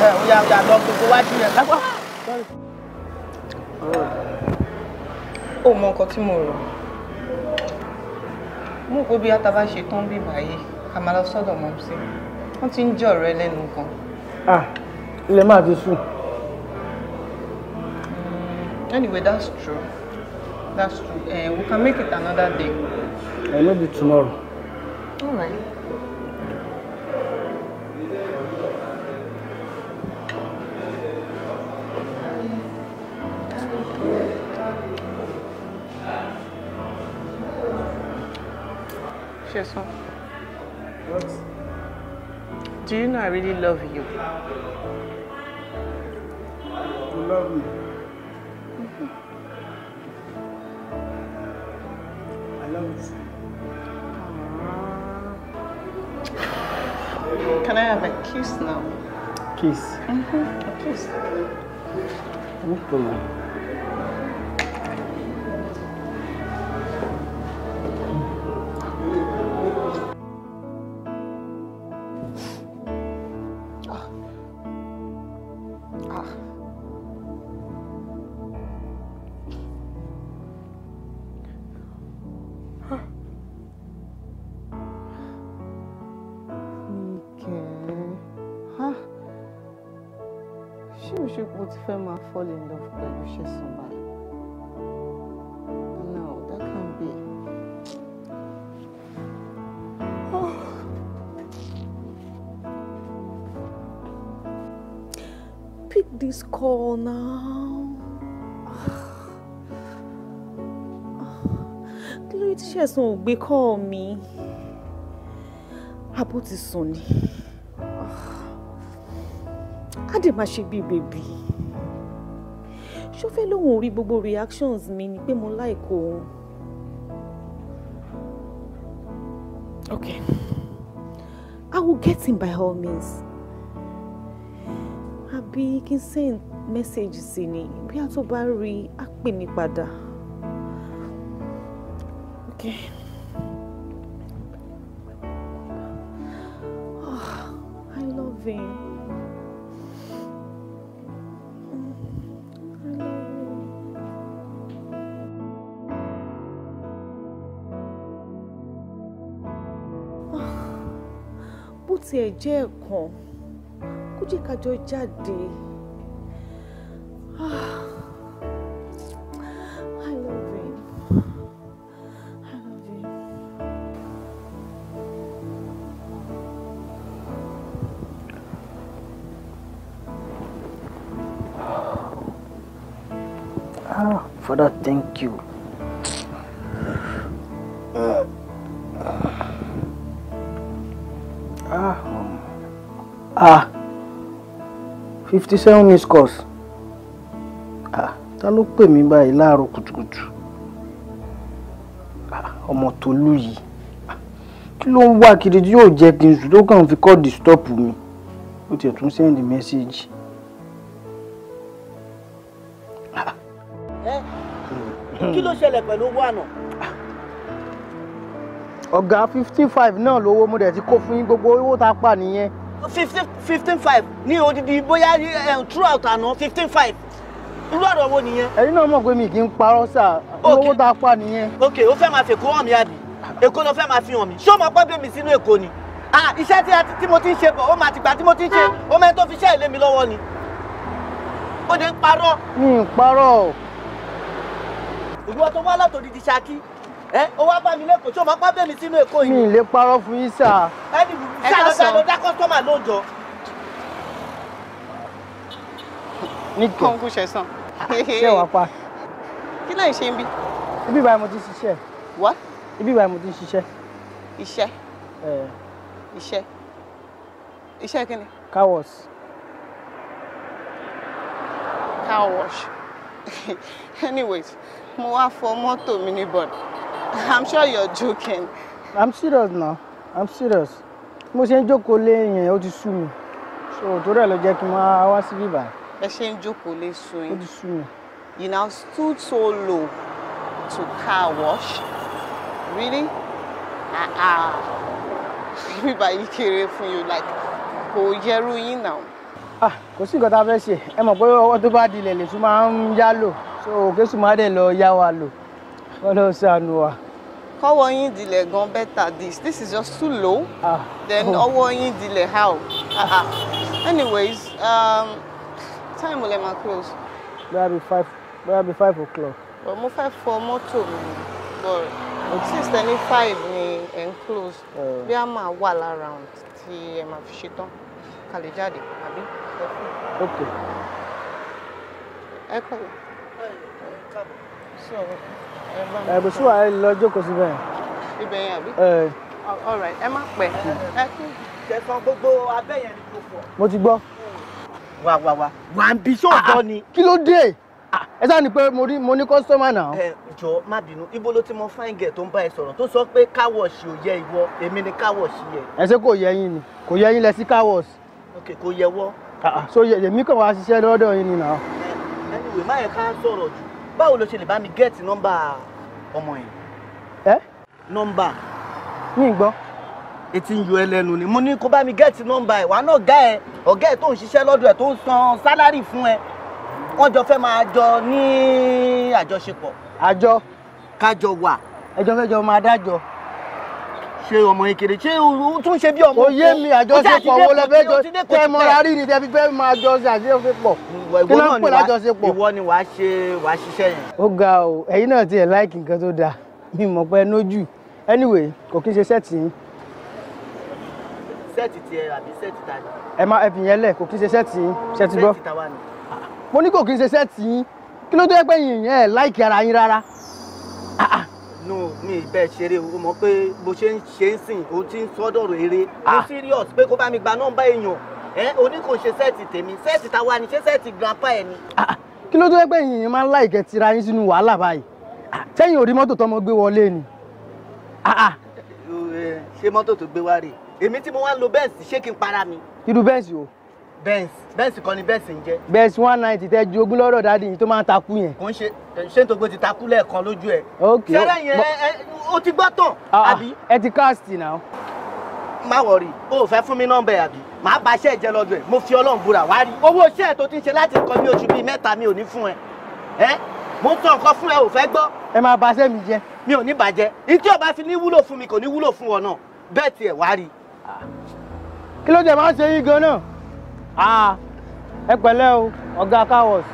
Oh, mon! yà ó yà lọ gbogbo wá jìnnà lápá. ó mọ nǹkan tí mo rò mú kó bí ataba ṣe tán bí báyìí ká máa lọ sọ́dọ̀ mọ́ sí hmm, anyway that's true that's true uh, we can make it another day. I know the tomorrow. all right. What? Do you know I really love you? You love me? Mm -hmm. I love you. Can I have a kiss now? Kiss? Mm -hmm. A kiss. No problem. kẹ̀ ẹ́ ṣé o ṣe kó ti fẹ́ máa fall in love pẹ̀lú ṣẹ̀sán báyìí no that can't be. Pick this call now. kí ló ti ṣẹ̀sán ò gbé call mi? Àbó ti sùn ni dẹ̀ máa ṣe bíi bèbí ṣó fẹ́ lóun ò rí gbogbo reactions mi ni pé mo like òun. Okay. I will get him by all means. Àbí kí n send message sí ni bí a tó bá rí i á pè mí padà. Okay. kan kó jẹ́ ká jáde. Ah. I love him. I love him. Ah, Father, thank you. fifty seven miss calls ah ta ló pè mí báyìí láàárọ̀ kùtùkùtù ọmọ tolú yìí kí ló ń wá kiri tí yóò jẹ́ kí n sùn tó kàn fi kọ́ disturb mi ó tiẹ̀ tún send message. kí ló ṣẹlẹ̀ pẹ̀lú owó àná. ọ̀gá fifty five náà lówó mo dẹ̀ ti kó fún yín gbogbo owó tá a pa nìyẹn fifteen fifteen five ní odidi bóyá eh, throughout àná fifteen five irú ọ̀rọ̀ wo nìyẹn. ẹ̀yin náà mọ̀ pé mi kì í parọ́ sà owó tá a pa nìyẹn. ok o fẹ́ máa fèkó hàn mí àbí èkó ló fẹ́ máa fi hàn mí ṣé o máa bí mi sínú èkó ni. ah iṣẹ́ tí mo ti ń ṣe bọ̀ ó máa ti gbà tí mo ti ń ṣe ó mẹ́ni tó fi iṣẹ́ ìlé mi lọ́wọ́ ni. ó dé ń parọ́. mi ń parọ́. ìwọ tó wá látòdìdí Ṣakí ẹ ó wá bá mi lẹ́kọ̀ọ́ tí o máa bí mi sínú èkó yìí. mi ì lè parọ́ fún yín sà. ẹ ṣàlọ́dá dá kọ́sítọ́mà lóòjọ́. nígbà kọ́ńkú ṣẹ̀sán. ṣé wàá pa. kí náà ṣe ń bí. ibi ìbára mo ti ṣiṣẹ́. wá. ibi ìbára mo ti car wash. car wash. anyways mo wá fọ mọ́tò mi ní i'm sure you're joking. i'm serious now i'm serious mo ṣe ń jókòó lé yẹn ó ti sú mi so tó rẹ̀ ló jẹ́ kí n máa wá sí bíbá. ẹ ṣe ń jókòó lé sú yín. ó ti sú mi. you now stood so low to car wash really ah ah bíbá yìí kéré fún yín like kò yẹrù yín náà. ah kò sí nǹkan tá a fẹ́ ṣe ẹ mọ̀ pé ọwọ́ tó bá dilẹ̀ lè tún máa ń yá lò so òkè sùn má dẹ̀ lọ yá wa lò wọ́n lọ ṣàánú wa kọ́wọ́ yín dilẹ̀ gan better this this is just too low ah. then oh. ọwọ́ yín dilẹ̀ how ah. anyways um, time olè máa close. bóyá bí five bóyá bí five o'clock. but mo fẹ́ fọ mọ́tò mi but six twenty five ni ẹ̀ ń close oh. bí a máa wà lára tí ẹ máa fi ṣe tán ká lè jáde àbí. ẹ kọ́ ẹ káàbọ̀. sọ̀rọ̀ ẹ̀bùsùn wa ẹ lọ jókòó síbẹ̀. ibẹ̀ yẹn àbí. Eh. all right ẹ má pẹ́ hmm. ẹ kú tẹ̀sán gbogbo abẹ́ yẹn ni kò pọ̀. mo ti gbọ́. Hmm. wà wà wà wà ń bí sóòtọ́ ah, ni. kí ló dé ah. ẹ sáà ni pé mo rí mo ní kọ́sítọ́mà náà. ẹ eh, jọ má bínú ibo ló ti mọ fine girl tó ń bá ẹ sọ̀rọ̀ tó sọ pé káwọ̀ọ̀ṣì ò yẹ ìwọ èmi ni káwọ̀ọ̀ṣì yẹ. ẹ ṣe kò yẹ yín ni kò yẹ lẹ sí káwọ̀ọ̀ṣì. ok kò yẹ wọ́. Ah, so èmi kàn wá ṣiṣẹ́ lọ́dọ̀ yín ni náà. ẹni eh, wèé má yẹ ká sọ̀rọ̀ jù báwo ló ṣe lè bá mi gẹ́ẹ̀tì nọ́mbà ọmọ yẹn. ẹ. nọ́mbà. mi ń gbọ́. etí ń yọ ẹ lẹ́nu ni mo ní kó bá mi gẹ́ẹ̀tì nọ́mbà ẹ̀ wà náà ọ̀gá ẹ ọ̀gá ẹ tó ń ṣiṣẹ́ lọ́dọ̀ ẹ tó ń san sálárì fún ẹ wọ́n jọ fẹ́ máa jọ ní àjọṣepọ̀. àjọ. kájọ wà. ẹjọ fẹjọ máa dájọ ṣe ọmọ ìkèrè ṣé o tún ṣe bí ọmọ. òye mi àjọṣepọ̀ wo lẹ fẹ́ jọ tẹ mọ́ra rí ni tẹ fẹ́ máa jọ ṣe àjọṣepọ̀ kí ló ń pè ìwọ ni wàá ṣe wàá ṣiṣẹ́ yẹn. ó ga o ẹ̀yin náà tiẹ̀ láìkì nǹkan tó dáa mi mọ̀ pé nójú anyway kò kí n ṣe sẹ́ẹ̀tì yín. sẹ́ẹ̀tì tiẹ̀ àbí sẹ́ẹ̀tì ta ni. ẹ máa ẹ̀fìn yẹn lẹ̀ kò kí n ṣe sẹ́ẹ̀tì yín sẹ́ẹ̀tì gbọ́. sẹ́ẹ̀tì ta wà mo ní kò kí n ṣe sẹ́ẹ̀tì yín kí ló dé pé yìnyín ẹ̀ láìkì ara yín rárá. Ah, ah no mi bẹ́ẹ̀ ṣeré o mọ̀ pé bó ṣe ń ṣe ń sìn o ti ń sọ́dọ̀rọ̀ eré mo ah. serious pé kó bá mi gba nọ́mbà èèyàn ẹ oní kò ṣe sẹ́ẹ̀tì tèmi sẹ́ẹ̀tì táwa ni ṣé sẹ́ẹ̀tì grandpa ẹ ni. Ah, ah. kí ló tó yẹ pé yìnyín máa ń láìkẹ́ tira yín sínú wàhálà báyìí sẹ́yìn ò rí mọ́tò tọmọ gbé wọlé ni. ṣé mọ́tò tó gbé wá rè èmi tí mo wá lo bẹ́ẹ̀sì ṣé kí n para mi. irú bẹ́ẹ̀sì o benz benz kan ni benz ń jẹ́. benz one ninety tẹ ju ogún lọ́dọ̀ dáàdi yìí tó máa ń takú yẹn. kò ń ṣe ṣé nítorí ti takú lẹ́ẹ̀kan lójú ẹ̀. ok sẹ́lẹ̀ yẹn o ti gbọ́ tán. Ah, ah, àbí ẹ ti káàsì náà. má wọrí o ò fẹ́ fún mi nọ́mbà ẹ̀ àbí màá bá iṣẹ́ ìjẹ́ lọ́dọ̀ ẹ̀ mo fi ọlọ́run búra wá rí. owó iṣẹ́ ẹ̀ tó ti ń ṣe láti nǹkan bí oṣù bíi mẹ́ta mi ò ní fún ẹ ẹ mo tọ nǹkan fún ẹ ò fẹ́ gbọ́. ẹ máa bà iṣẹ́ mi jẹ́. mi ò ní bàjẹ́ ìtí ò bá fi ní wúlò fún mi kò ní wúlò fún ọ náà bẹ́ẹ̀ tiẹ̀ wá rí. Ah. kí ló dé máa ń ṣe yín gan-an náà ẹ pẹ̀lẹ́ o ọ̀gá cowos.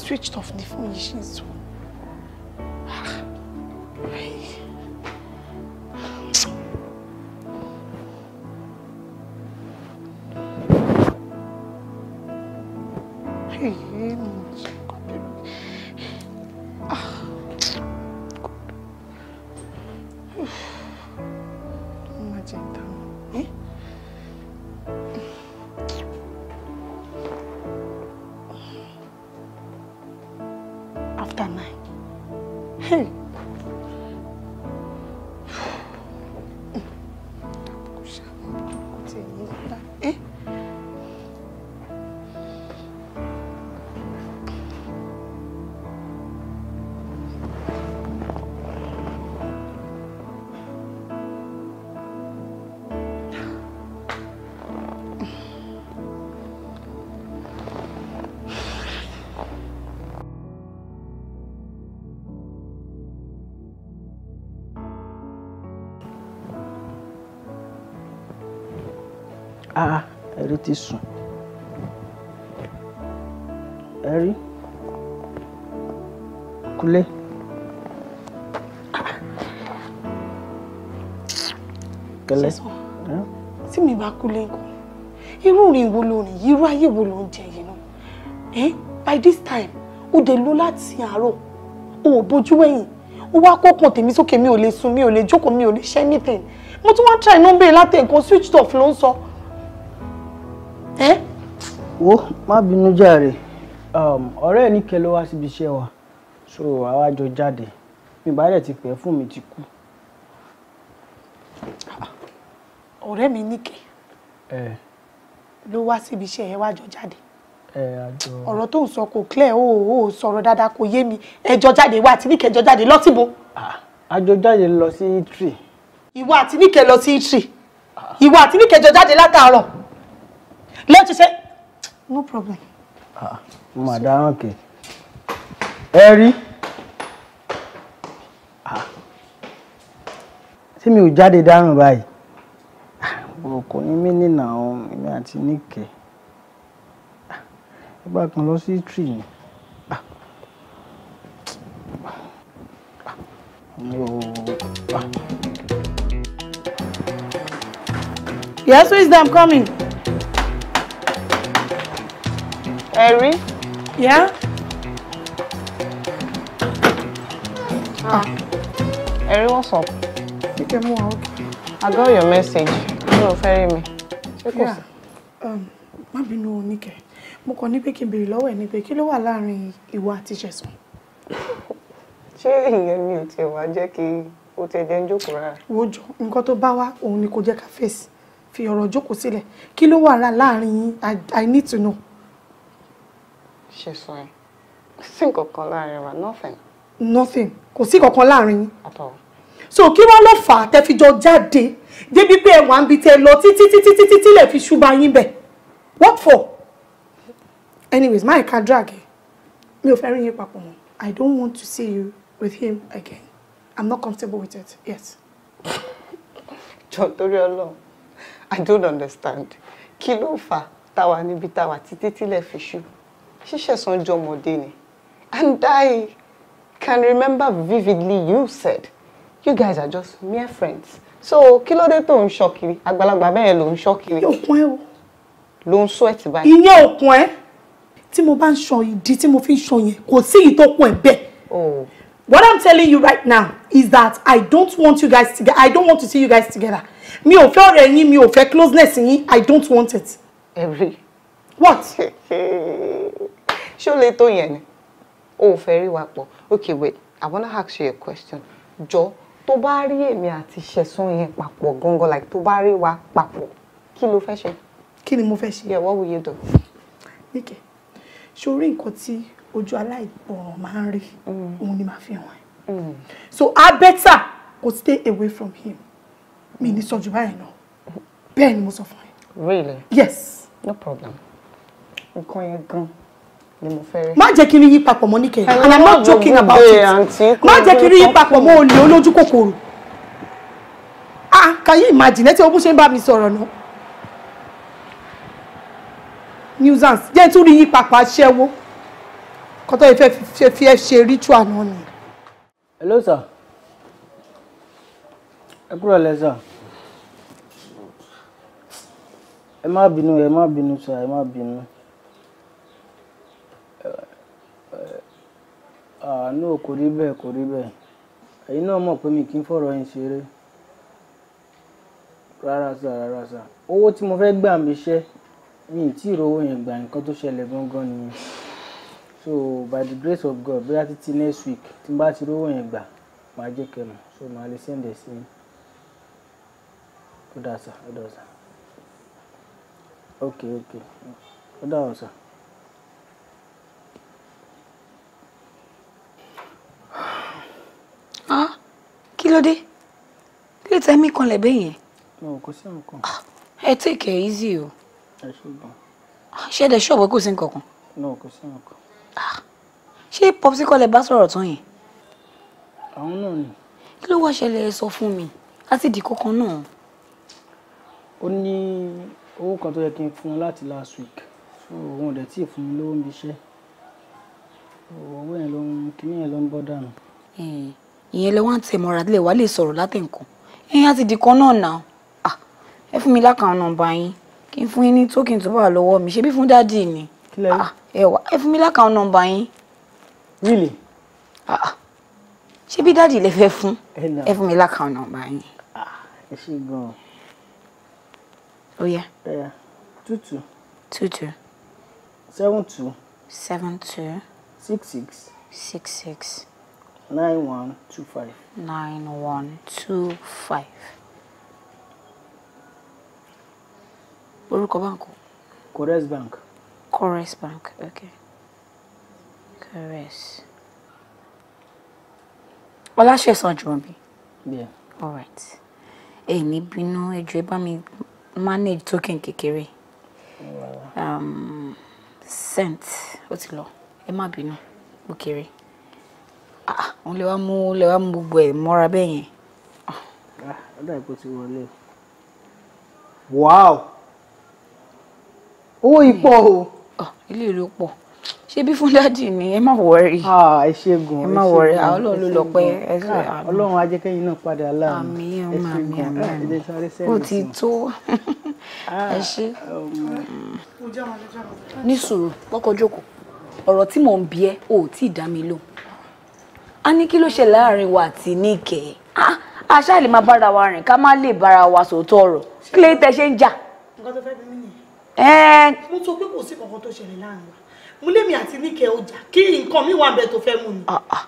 switched off ni fún yìí ṣì ń sọ. ló ti sùn ẹ rí kúlẹ̀. kẹlẹ. tí mi bá kú lẹ́kọ̀ọ́ irú ìrìn wo ló rìn irú ayé wo ló ń jẹ yìí náà ẹ by this time ó dé lọ láti àárọ̀ o ò bójú ẹ̀yìn ó wá kókun tèmi sókè mi ò lè sùn mi ò lè jókòó mi ò lè ṣe anything mo tún wá try nọ́mbẹ̀rẹ̀ látẹ̀kọ́ switch off ló ń sọ. So wo má bínú jàre um, ọ̀rẹ́ ẹ̀ ní kẹ́ ló wá síbi iṣẹ́ wa so àwa jọ jáde mi bá dẹ̀ ti pẹ́ fún mi ti kú. ọ̀rẹ́ mi níkẹ́ ló wá síbi iṣẹ́ ẹ wá jọ jáde ọ̀rọ̀ tó ń sọ kò clear o ò sọ̀rọ̀ dáadáa kò yé mi ẹ jọ jáde ìwọ àti níkẹ́ jọ jáde lọ síbo. a jọ jáde lọ sí Italy. ìwọ àti níkẹ́ lọ sí Italy ìwọ àti níkẹ́ jọ jáde látàárọ̀ lẹ́yìn tó ṣe no problem. ah mo mà dáràn kè ẹ rí ah ṣé mi ò jáde dáràn báyìí ọkọ ni mí nínà ọ̀hún èmi àti níkẹ́ ìgbà kan lọ sí tree ni Yes, who is them coming? Eri? Yeah? Ah. Eri, what's up? You came out. I got your message. No, ferry me. Check yeah. Um, má bínú o, Nike. Mo kàn ní pé kí n béèrè lọ́wọ́ ẹ̀ ni pé kí ló wà láàrin ìwà àti Ṣẹ̀sán. Ṣé mi ò tiẹ̀ wá jẹ́ kí o te jẹ́ ń jókòó rárá? Wo jọ, nǹkan tó bá wá òun ni ko je ka face Fi ọ̀rọ̀ jókòó sílẹ̀. Kí ló wà láàrin yín? I need to know. ṣe sọ ẹ kò sí nǹkan láàrin wa nothing. nothing kò sí nǹkan kan láàrin yín. so kí wọ́n lọ fà á tẹ́ fi jọ jáde débi pé ẹ̀wà ń bi tẹ́ lọ títí títí títí tí fi ṣùgbọ́n yín bẹ̀ what for anyways má ẹ̀ka drag ẹ̀ mi ò fẹ́ rí yín papọ̀ mọ́ I don't want to see you with him again I'm not comfortable with it yes. jọ torí Ọlọ́run I don't understand kí ló fà táwa níbi táwa títí tí lè fi ṣùgbọ́n ṣíṣẹ̀sán jọmọdé ni and I can remember vividly you said you guys are just mere friends so kí ló dé tó ń ṣọ́ kiri àgbàlagbà bẹ́ẹ̀ ló ń ṣọ́ kiri. òkun o. ló ń sọ ẹ ti báyìí. ìyẹn òkun ẹ tí mo bá ń ṣan ìdí tí mo fi ń ṣan yẹn kò sí èyí tó kún ẹ bẹ́ẹ̀. Oh. What I'm telling you right now is that I don't want you guys together. I don't want to see you guys together. Mi ò fẹ́ ọ̀rẹ́ yín, mi ò fẹ́ closeness yín. I don't want it. Every. What? ṣé ó lè tó yẹn ni o ò fẹ́ rí wa pọ̀ okay wait i wanna ask you a question jọ tó bá rí èmi àti ṣẹ̀sùn yẹn papọ̀ gangan like tó bá rí wa papọ̀ kí ló fẹ́ ṣe. kí ni mo fẹ́ ṣe. yeah what will you do. níkẹ́ ṣe orí nǹkan tí ojú aláìgbọràn máa ń rí mm. òun ni màá fi hàn ẹ́ mm. so i better go stay away from him mi ní sọ jù báyìí náà bẹ́ẹ̀ ni mo sọ fún ẹ. really yes. no problem nǹkan yẹn gan-an ni mo fẹ́ rí. má jẹ́ kí n yí papọ̀ mọ́ níkẹyìn and i'm not joking about it má jẹ́ kí n yí papọ̀ mọ́ olè olójú kòkòrò ah can you imagine ẹ ti ọbú ṣe ń bá mi sọ̀rọ̀ náà nuisance jẹ́ tún rí yí papọ̀ aṣẹ́wó kọ́tọ́ yìí fẹ́ fi ẹ ṣe ritual náà ni. hello sir ẹ kúrò lẹ́sà ẹ má bínú ẹ má bínú sir ẹ má bínú. àánú kò rí bẹ́ẹ̀ kò rí bẹ́ẹ̀ ẹ̀yin náà mọ̀ pé mi kì í fọ̀rọ̀ yín ṣeré rárá sà rárá sà owó tí mo fẹ́ gbà mí ṣẹ́ mi ì tí ì rówó yẹn gbà nǹkan tó ṣẹlẹ̀ gangan nìyẹn so by the grace of God bóyá títí next week tí n bá ti rówó yẹn gbà máa jẹ́ kẹnu so máa lè sẹ́ǹdẹ̀ sí i ó dà sà ó dà sà ok ok ó dà ọ̀ sà. ló dé kí ló tẹ́ mí kanlẹ̀ bẹ́ẹ̀ yẹn. ọ̀ kò sí nǹkan. ẹ take it easy o. ẹ ṣùgbọ́n. ṣé ẹ̀dẹ̀ ṣọ́ọ̀bù kò sí nǹkan kan. Ah, náà ah, kò sí nǹkan. Ah, ṣé popsicle bá sọ̀rọ̀ tán yẹn. àwọn náà ni. kí ló wá ṣẹlẹ̀ sọ fún mi láti di kọ̀ọ̀kan náà. ó ní owó kan tó yẹ kí n fún un láti last week so òun ò dẹ̀ tí ì fún mi lówó níbi iṣẹ́ owó yẹn ló ń kíní yẹn ló ń bọ́ dànù. Eh ìyẹn lẹ wá ń tẹ mọ́ra lè wá lè sọ̀rọ̀ látẹ̀kùn ẹ̀yin á ti di kan náà nà á ẹ fún mi lákàá nọ́mbà yín kí n fún yín ní tókìn tó wà lọ́wọ́ mi ṣebí fún dáàdì ni ẹ wá ẹ fún mi lákàá nọ́mbà yín. really. ṣebí dáàdì lè fẹ́ fún ẹ fún mi lákàá nọ́mbà yín. ẹ ṣe gan-an. ó yẹ. two two. two two. seven two. seven two. six six. six six nine one two five. nine one two five. orúkọ báńkù. Correct Bank. Correct Bank okay. Correct. ọláṣẹ̀sán jùmọ̀bí. yeah. all right. èmi bínú ẹjọ́ ẹ bá mi manage token kékeré. um, cent ó ti lọ ẹ má bínú ó kéré. Ah, òun lè wá mú lè wá mú gbogbo ẹ̀ mọ́ra bẹ́ẹ̀ yẹn. ọ̀dà ah, ìpò ti wọlé. wàá owó yìí pọ̀ o. Ah, ilé ìlú pọ̀ ṣé bí fún dádì ni ẹ má wọrí. ẹ ṣègùn ẹ má wọrí ọlọ́run ló lọ pẹ́ ẹ ṣe àmì. ọlọ́run ajẹ́kẹ́yìn náà padà láàmú ẹ ṣègùn ẹ lè sáré sẹ́yìn. ó ti tó ẹ ṣe. ní sùúrù kọ́kọ́ jókòó ọ̀rọ̀ tí mò ń bi ẹ́ ò tí ì dá mi lóhùn a ní kí ló ṣe láàrin wa àti níkẹ́ a ṣáà lè máa bára wa rìn ká má lè bára wa sòótọ́ ọ̀rọ̀ kí lè tẹ ṣe ń jà. nǹkan tó fẹ́ bí mí nìyẹn. mo sọ pé kò sí kankan tó ṣẹlẹ̀ láàrin wa mo lémi àti níkẹ́ ọjà kí nǹkan mi wà bẹ́ẹ̀ tó fẹ́ mú mi. mo ah, ah.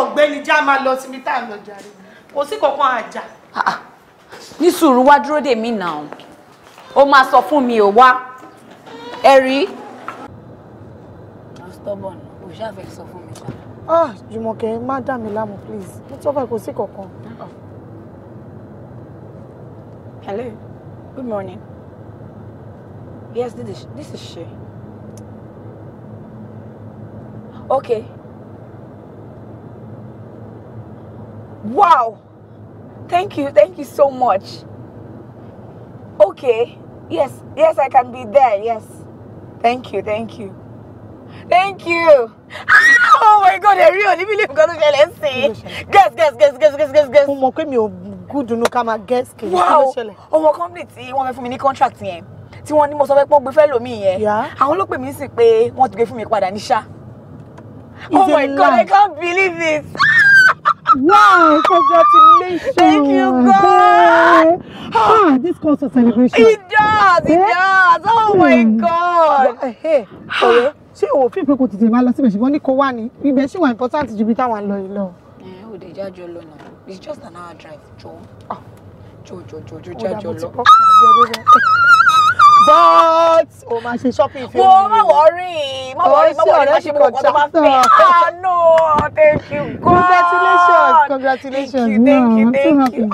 ọ̀gbẹ́ni já máa lọ síbi tá à lọ jàre kò sí kankan àjà. Ah, ní sùúrù wá dúró dè mí nà ó máa sọ fún mi ò wá ẹ rí. i'm ṣáà fẹ́ sọ fún mi ṣáà ah Jùmọ̀kẹ́ Madam, dà mí láàmú please What's tọ́ fà kó sí kankan. Oh. hello good morning yes this is, this is she okay wow thank you thank you so much okay yes yes I can be there yes thank you thank you. Thank you kò dé real. òní bílíọ̀nù kan tó ṣẹlẹ̀ ń sìn guess guess guess guess guess guess guess. mo mọ̀ pé mi ò gúdù nu ká máa guess kì í ló ṣẹlẹ̀. ọmọ company tí wọ́n fẹ́ contract yẹn tí wọ́n ní mo sọ fẹ́ pọ́n gbé fẹ́ lómi yẹn àwọn ló pè mí sí pé wọ́n ti gbé fún mi padà ní ṣá. oh my god i can't believe this. Wow, congratulations! Thank you, God! ah, this calls a celebration. It does, it does! Oh my hmm. God! Hey, hey ṣé o fi pé kò tètè máa lọ síbẹ̀ ṣùgbọ́n ní kò wá ní ibẹ̀ ṣì wà important ju ibi táwọn lọ yìí lọ. ẹ ò lè jájọ lọ nà it's just an hour drive jọ ah. jọ jọ jọ jọ jájọ lọ. but o máa ṣe shopping fún mi. wo má wọrí má wọrí má wọrí má ṣe kókó tó bá fẹ́. ah no thank you God congratulations congratulations thank you thank you thank you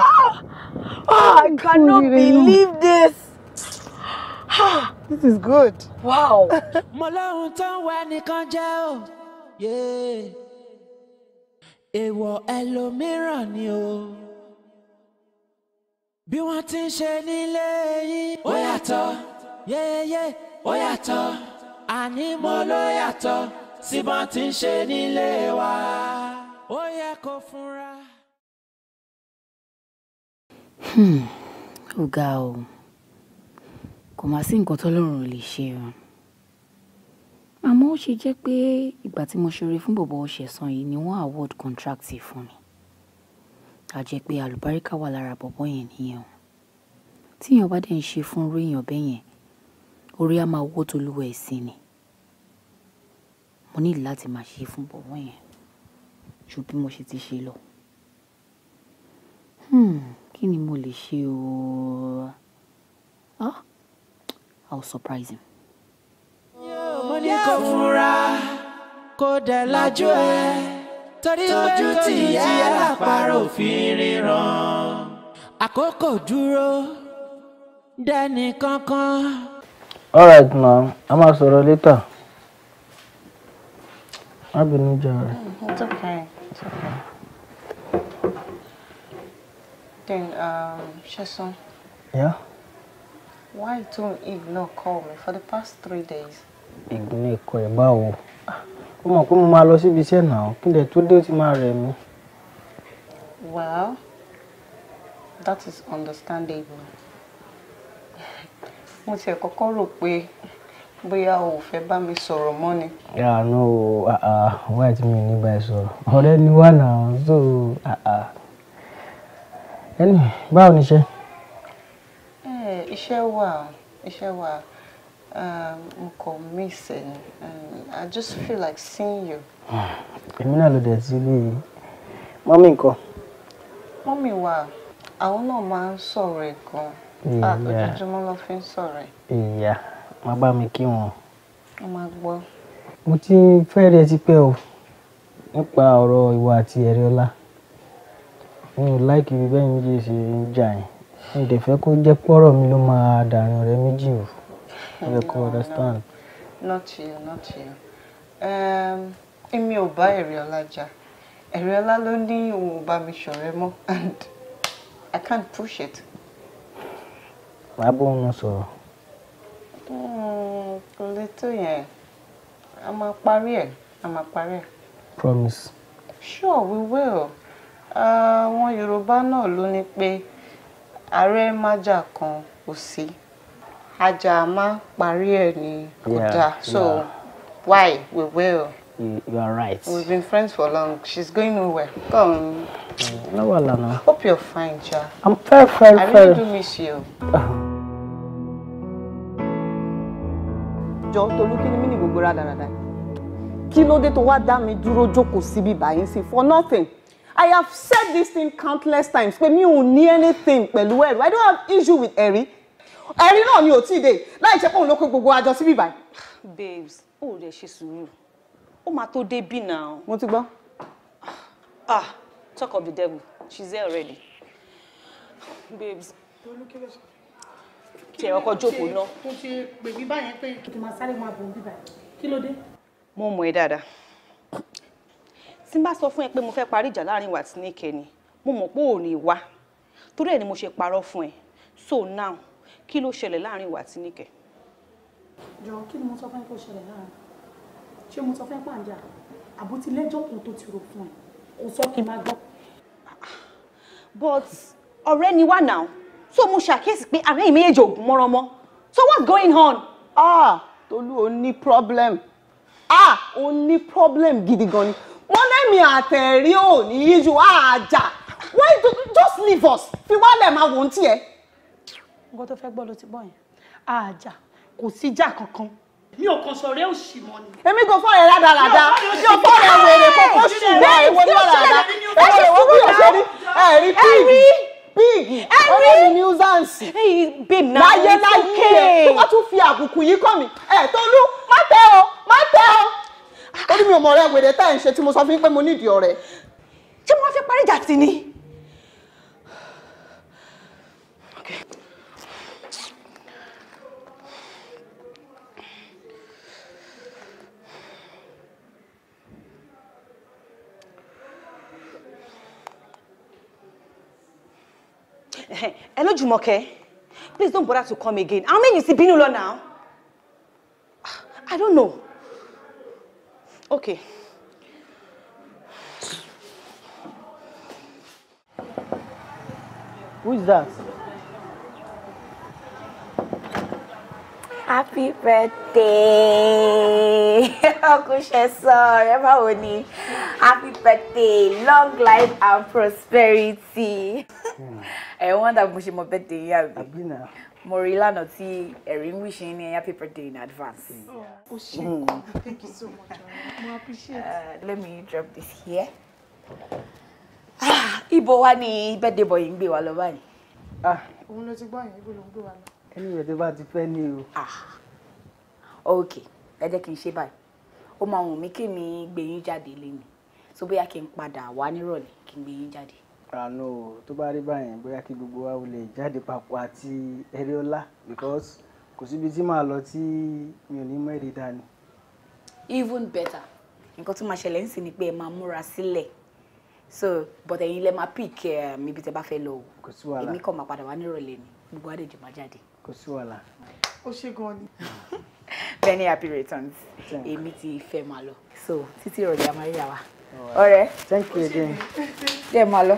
ah oh, I cannot believe this. this is good. wow. mo tó ń wá nìkan jẹ́ o èèwọ̀ ẹlòmíràn ni o bí wọ́n ti ń ṣe nílé yín ó yàtọ̀ ó yàtọ̀ àní mo ló yàtọ̀ sí bọ́n ti ń ṣe nílé wa ó yẹ kó fúnra. Hmm. ó ga o. Hmm kò má sí nǹkan tọ́lọ́run ò lè ṣe o àmọ́ ó ṣe jẹ́ pé ìgbà tí mo ṣeré fún bọ̀bọ̀ ọ̀ṣẹ̀sán yìí ni wọ́n award contract fún mi a jẹ́ pé àlùbáríkà wà lára bọ̀bọ̀ yẹn nìyẹn o tíyàn bá dẹ̀ ń ṣe fún orí èèyàn bẹ́ẹ̀ yẹn orí á máa wó tolúwa ẹ̀sìn ni mo ní láti máa ṣe fún bọ̀bọ̀ yẹn ju bí mo ṣe ti ṣe lọ hmm, kí ni mo lè ṣe o ah I'll surprise him. mo ní kò a máa sọ̀rọ̀ later. má bínú jàre. it's okay it's okay. then um, ṣe yeah. Why don't not call me for the past three days? Ignore call ẹ báwo? Ó mọ̀ pé mo máa lọ síbi iṣẹ́ náà, kí lẹ̀ tó dé ó ti máa rẹ̀ mí. Well, that is understandable. Mo tiẹ̀ koko rò pé bóyá o ò fẹ́ mi sọ̀rọ̀ mọ́ ni. ah, o, ah, wáyé tí mi ò ní bá ẹ so, Ọ̀rẹ́ ni wà náà, so. Ah, ah. Anyway, báwo ni iṣẹ́? iṣẹ́ wà iṣẹ́ wà um, mo kàn miss ẹ ni um, I just feel like seeing you. èmi náà ló dẹ̀ sí ilé yìí mọ́mí nǹkan. mọ́mí wa àwọn náà máa ń sọ̀rọ̀ ẹ̀ gan-an ah, ojoojúmọ́ ló fi ń sọ̀rọ̀ ẹ̀. ìyá má bá mi kí wọn. wọ́n máa gbọ́. mo ti fẹ́ rẹ ti pẹ́ o nípa ọ̀rọ̀ ìwà àti ẹ̀rí ọlá mi ò láìkí bẹ́ẹ̀ ń jẹ́ ṣe ń jà yẹn. Mi dẹ̀ fẹ́ kó jẹ́ pọ́rọ̀ mi ló máa dàrin ọ̀rẹ́ méjì rú. Mo fẹ́ understand. Not you, not you. Èmi ò bá Ẹ̀rìọlá jà. Ẹ̀rìọlá ló ní òun ò bá mi ṣọ̀rẹ́ mọ́ and I can't push it. Màá bó wọn sọ̀rọ̀. Kò lè tó yẹn. A máa parí ẹ̀. A máa parí ẹ̀. Promise. Sure, we will. Uh, Àwọn Yorùbá náà ló ní pé ààrẹ májà kan kò sí ajá máa ń parí ẹ̀ ní kódà so yeah. why we will. You, you are right. We've been friends for long. She's going nowhere. Come. Mm, no, Alana. Hope you're fine, Cha. I'm fair, fair, I fair. really do miss you. Joe, to look in the ní go rádaràda? Kí ló dé tó wá dá mi dúró jókòó síbí báyìí sí for nothing? I have said this thing countless times pé mi ò ní anything pẹ̀lú ẹ̀rù I don't have issue with ẹ̀rí ẹ̀rí náà ni ò tí ì dé láì ṣe pé òun ló kó gbogbo àjọ síbí báyìí. babes ó rẹ̀ ṣe sùúrù ó máa tó dé bí náà. mo ti gbọ́. ah talk of the devil she's there already babes tí ẹ ọkọ jókòó náà. mo ṣe pè mí báyẹn pé kí sáré máa bọ̀ bíbá kí ló dé. mo mọ̀ ẹ́ dáadáa tí bá sọ fún ẹ pé mo fẹ́ parí ìjà láàrin wa àti níkẹ ni mo mọ̀ pé ò ní wá torí ẹ̀ ni mo ṣe parọ́ fún ẹ so now kí ló ṣẹlẹ̀ láàrin wa àti níkẹ. jọ kí ni mo sọ fún ẹ kó ṣẹlẹ̀ láàrin ṣé mo sọ fún ẹ pàǹjà àbótí kan tó ti rò fún ẹ kò sọ kí n má gbọ́. but ọ̀rẹ́ ni wá now so mo ṣàkíyèsí pé àárín ìméjèèjì ò gún so what's going on. ah Tolú o ní problem ah o ní problem gidi gan ni wọ́n lẹ́mìí àtẹ̀rí ò ní yíjú àjà why do just leave us fi wálẹ̀ máa wò ó tiẹ̀. nǹkan tó fẹ́ gbọ́ ló ti gbọ́ yẹn àjà kò sí ìjà kankan mi ò kàn sọ̀rọ̀ ẹ ò sì mọ ni. èmi kò fọ́ rẹ̀ rádaràda mi ò fọ́ rẹ̀ wèrè kókó sùn mọ́ ìwọ ní rádaràda ẹ ṣe fúnbí òṣèré ẹ rí bíìgì bíìgì ọlọ́run ní uzánsì láyé láyé ẹ wọ́n tún fi àbùkù yìí kọ́ mi ẹ Tolú má tẹ o má tẹ o ó ní mi ò mọ ọ̀rẹ́ wèrè tá à ń ṣe tí mo sọ fún yín pé mo nídìí ọ̀rẹ́. ṣé wọ́n fi parí ìjà tì ni. Hello, Jumoke. Please don't bother to come again. How many you see Binu now? Ah, I don't know. Okay. Who is that? Happy birthday! Uncle Shesor, báwo Happy birthday! Long life and prosperity! I hmm. wọ́n dàgbọ́n ṣe mọ birthday. Abina. Morila, rí ìlànà tí ẹ̀rí ń wíṣẹ́ ní happy birthday in advance. Mm. Oh, o ṣe kọ́ mm. thank you so much mo appreciate. Uh, let me drop this here. Ah, ibo wa ni birthday boy ń gbé wa Ah, báyìí. òun ló ti gbọ́ yẹn ibo ló ń gbé wa lọ. ẹni rẹ̀ tó bá ti fẹ́ ni o. Ah. ok ẹ jẹ́ kí n ṣe báyìí ó máa wù mí kí mi gbé yín jáde lé mi tó bóyá kí n àánú o tó bá rí báyẹn bóyá kí gbogbo wa lè jáde papọ̀ àti Eriola because kò síbi tí màá lọ tí mi ò ní mọ èdè dání. even better nǹkan tó máa ṣẹlẹ̀ ń sìn ni pé ẹ máa múra sílẹ̀ so but ẹ̀yin lẹ máa pick um, ibi tẹ bá fẹ́ lọ o kò sí wàhálà èmi kàn máa padà wá nírọ̀lẹ́ ni gbogbo àdèjì máa jáde. kò sí wàhálà. ó ṣe gan ni. many happy returns èmi ti fẹ́ máa lọ so títí ìrọ̀lẹ́ a máa ríra wa ọ̀rẹ́. thank you again. díẹ̀ Malo. lọ.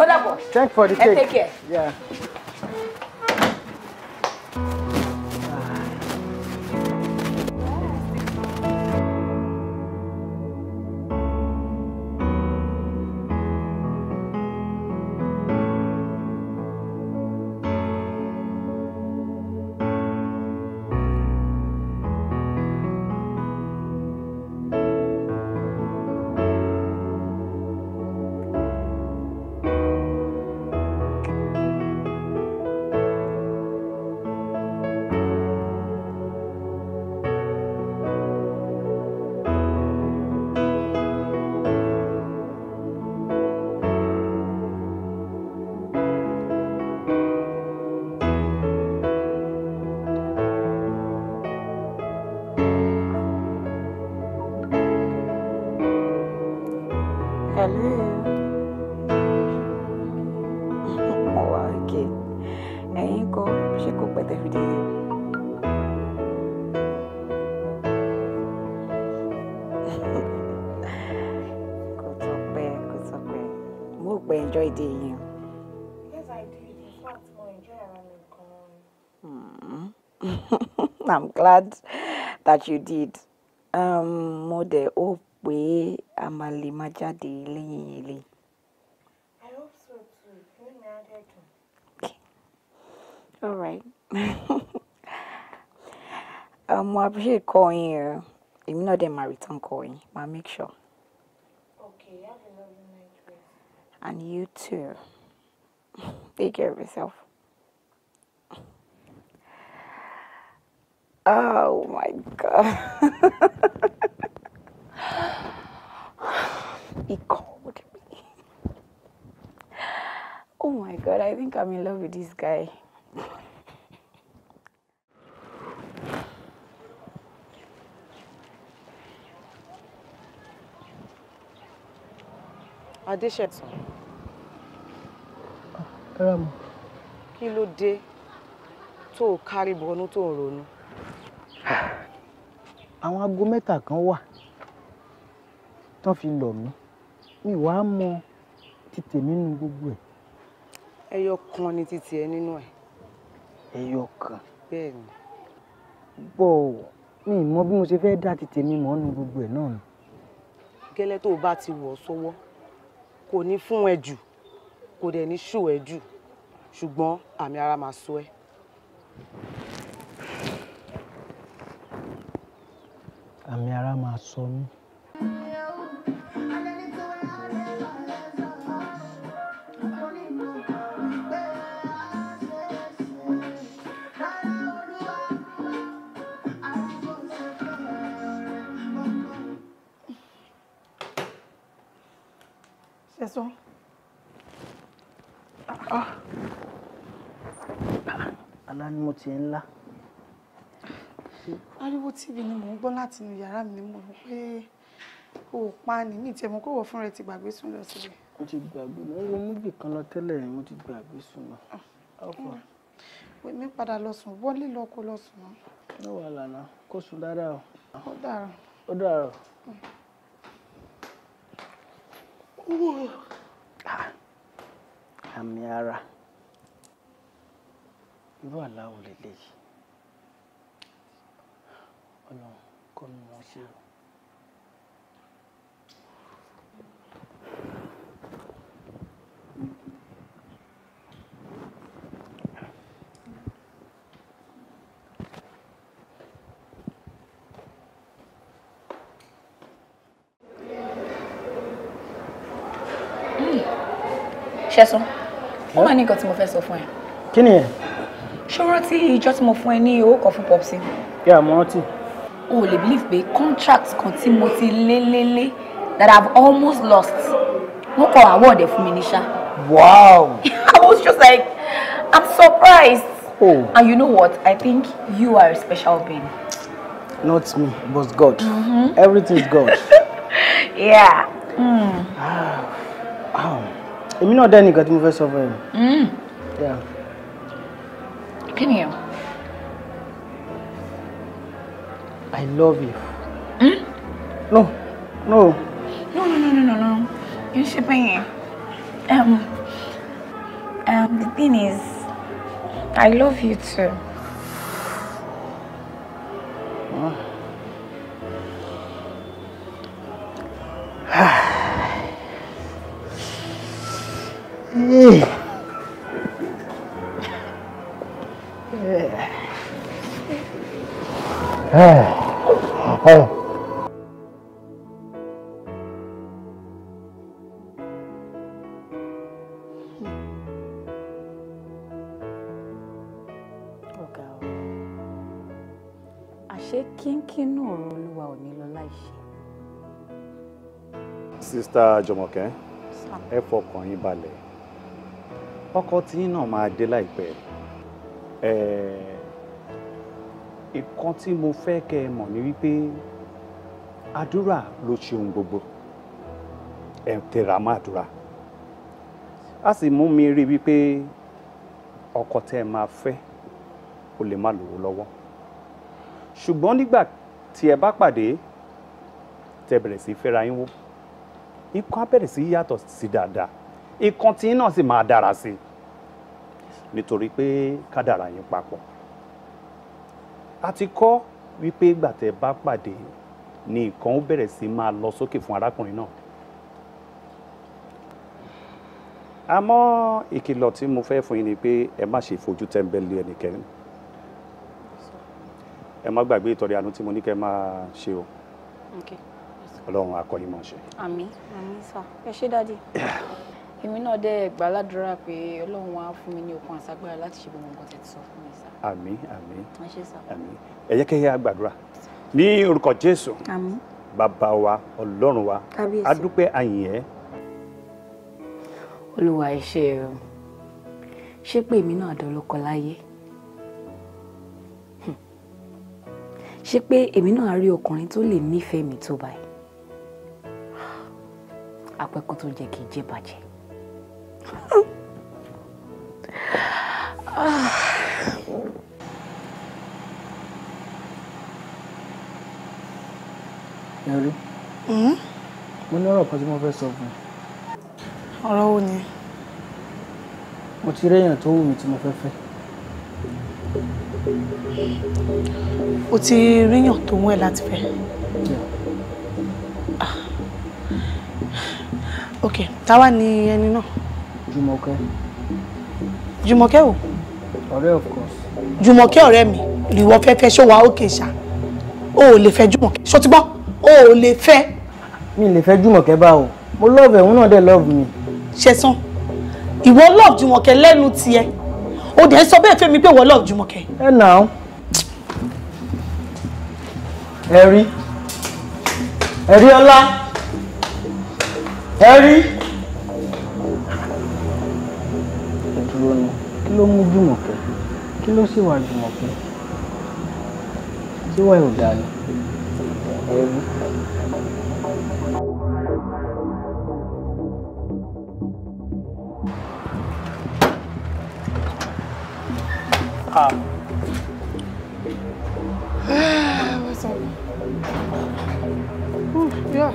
ó dàbọ̀. thank for the cake. ẹ take care. Yeah. glad that you did. Um, mo dẹ̀ ó pé a máa lè máa jáde lẹ́yìn ilé. I hope so too. Ní mi á Okay. All right. um, mo appreciate calling you. If not, then my return calling. yín. make sure. Okay, have a lovely night. And you too. Take care of yourself. Oh my God. he called me. Oh my God, I think I'm in love with this guy. Adéṣẹ̀tàn. Ẹ rà mọ́. Kí ló dé tó o kárí bọnú tó ń ronú? àwọn aago mẹ́ta kan wà tán fi lọ̀ mí mi wàá mọ títè mí nínú gbogbo ẹ̀. ẹyọ kan ni títì ẹ nínú ẹ. ẹyọ kan. bẹ́ẹ̀ ni. bọ́ ò mi mọ bí mo ṣe fẹ́ dá títè mi mọ́ nínú gbogbo ẹ̀ náà ni. gẹ́lẹ́ tó o bá ti wọ̀ sọ́wọ́ kò ní fún ẹ jù kò dẹ̀ ní ṣù ẹ jù ṣùgbọ́n àmì ara máa sọ ẹ. àmì ara máa sọ mí. ni mo ti ń lá ariwo tv ni mò ń gbọ́ láti inú yàrá mi ni mo rò pé o ò pa ni mí tiẹ̀ mọ́ kó wọ̀ fúnra ẹ̀ ti gbàgbé sùn lọ síbẹ̀. mo ti gbàgbé mo ń wo múvì kan lọ tẹ́lẹ̀ mo ti gbàgbé sùn lọ. Ah. mi padà lọ sùn wọlé lọ kó lọ sùn. ní wàá lànà kó sùn dáadáa o. ó dàrọ. ó dàrọ. Ah, àmì ara irú àlá wo lélẹ́yìí ọ̀nà kọ́ ni wọ́n ṣe o. Hmm. ṣẹ́sán ó máa ní nǹkan tí mo fẹ́ sọ fún ẹ. kí ni ẹ. ṣòro tí ìjọ tí mo fún ẹ ní owó kan fún popsi. Oh, lè believe pé contract kan tí mo ti lé lé lé that I've almost lost wọ́n kọ award ẹ̀ fún mi ní ṣá. wow. I was just like I'm surprised. oh and you know what I think you are a special being. not me but God mm-hmm. everything is God. yeah. Mm. Ah, èmi náà dẹ́ni nǹkan tí mo fẹ́ sọ fún ẹ. Mm. kí ni ẹ. I love you. Hmm? No, no. No, no, no, no, no, no. You're shipping Um, um, the thing is, I love you too. yeah. Ah. Mr. Jọmọkẹ́ ẹ fọkàn yín balẹ̀ ọkọ tí yín náà máa dé láìpẹ́ ẹ̀ nǹkan tí mo fẹ́ kẹ́ ẹ mọ̀ ni wípé àdúrà ló ṣe ohun gbogbo ẹ̀ ń tẹra mọ́ àdúrà a sì mú mi rí wípé ọkọ tẹ́ ẹ máa fẹ́ ó lè má lówó lọ́wọ́ ṣùgbọ́n nígbà tí ẹ bá pàdé tẹ́ bẹ̀rẹ̀ sí fẹ́ra yín wò ikọ́ á bẹ̀rẹ̀ sí yàtọ̀ sí dáadáa ikọ́ tí náà sì máa dára sí i nítorí pé kádàrà yín papọ̀ a ti kọ́ wípé ìgbà tẹ́ bá pàdé ni nǹkan ó bẹ̀rẹ̀ sí máa lọ sókè fún arákùnrin náà àmọ́ ìkìlọ̀ tí mo fẹ́ fún yín ni pé ẹ má ṣe fojú tẹ́ńbẹ́lú ẹnikẹ́ni ẹ má gbàgbé ìtọrẹ àánú tí mo ní kẹ́ máa ṣe o. Okay ọlọ́run akọ́nimọ̀ọ́ṣe. àmín àmín sà ẹ ṣé dáàdì èmi náà dẹ́ gbà ládùúrà pé ọlọ́run á fún mi ní okun àṣàgbára láti ṣe gbogbo nǹkan tẹ̀ ti sọ fún mi sà. àmín àmín àmín ẹ jẹ́ kẹ́yẹ́ àgbàdúrà ní orúkọ jésù bàbá wa ọlọ́run wa a dúpẹ́ àyìn ẹ́. olúwa iṣẹ́ o ṣé pé èmi náà dọ́lọ́kọ láyé ṣé pé èmi náà rí ọkùnrin tó lè nífẹ̀ẹ́ mi tó báyìí apẹ́kú tó jẹ́ kí jẹ́ bàjẹ́. Yọrí. Hmm? Mo ní ọ̀rọ̀ kan tí mo fẹ́ sọ fún un. Ọ̀rọ̀ wo ni? Mo ti réyàn tó wù mí tí mo fẹ́ fẹ́. O ti ríyàn tó wù ẹ́ láti fẹ́. Yeah ok táwa ni ẹni náà. Jùmọ̀kẹ́. Jùmọ̀kẹ́ o. ọ̀rẹ́ of course. Jùmọ̀kẹ́ ọ̀rẹ́ mi ìwọ fẹ́ fẹ́ ṣó wa ókè ṣá o ò lè fẹ́ Jùmọ̀kẹ́ ṣó ti gbọ́ o ò lè fẹ́. mi lè fẹ́ Jùmọ̀kẹ́ bá o mo love ẹ̀hún náà dẹ̀ love mi. ṣẹ̀sán ìwọ love Jùmọ̀kẹ́ lẹ́nu tiẹ̀ o dẹ̀ sọ bẹ́ẹ̀ fẹ́mi pé ìwọ love Jùmọ̀kẹ́. ẹ nà án ẹ̀rí ẹ̀rí ọlá ẹ rí. ẹ dúró ni kí ló mú jùmọ̀kẹ́ kí ló sì wà jùmọ̀kẹ́ tí wà ò dáa ni. ẹ Ah. What's up? Ooh, yeah.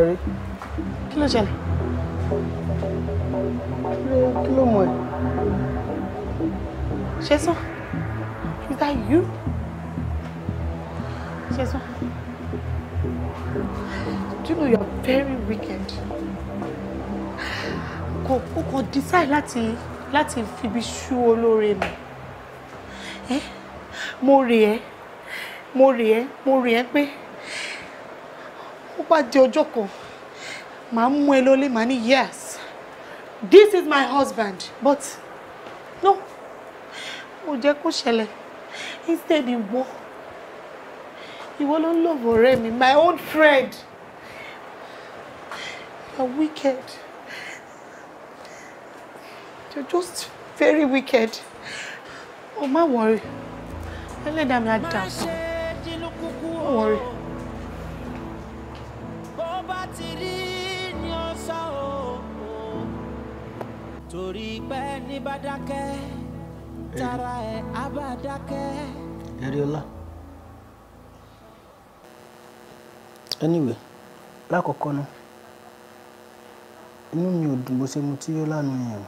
ẹ̀rí. kí ló ṣẹlẹ̀. kí ló mọ̀ ẹ́. Jason, is that you? Jason, do you know you are very wicked? Kò kò kò decide láti láti fibi ṣú olóore mi. Mo rè é, mo rè é, mo rè é pé ó bá di ọjọ́ kan màá mú ẹ lólé màá ní yes this is my husband but no mo jẹ́ kó ṣẹlẹ̀ instead ìwọ ìwọ ló ń lọ́wọ́ ọ̀rẹ́ mi my old friend you are wicked you are just very wicked o oh, má wọrí ẹlẹ́dàá mi á dà fún ọ má wọrí. torí pé ní bá tara ẹ̀ á bá dákẹ́. anyway lákọ̀ọ́kọ́ náà inú mi ò dùn bó ṣe mu tí yóò lánàá yẹn o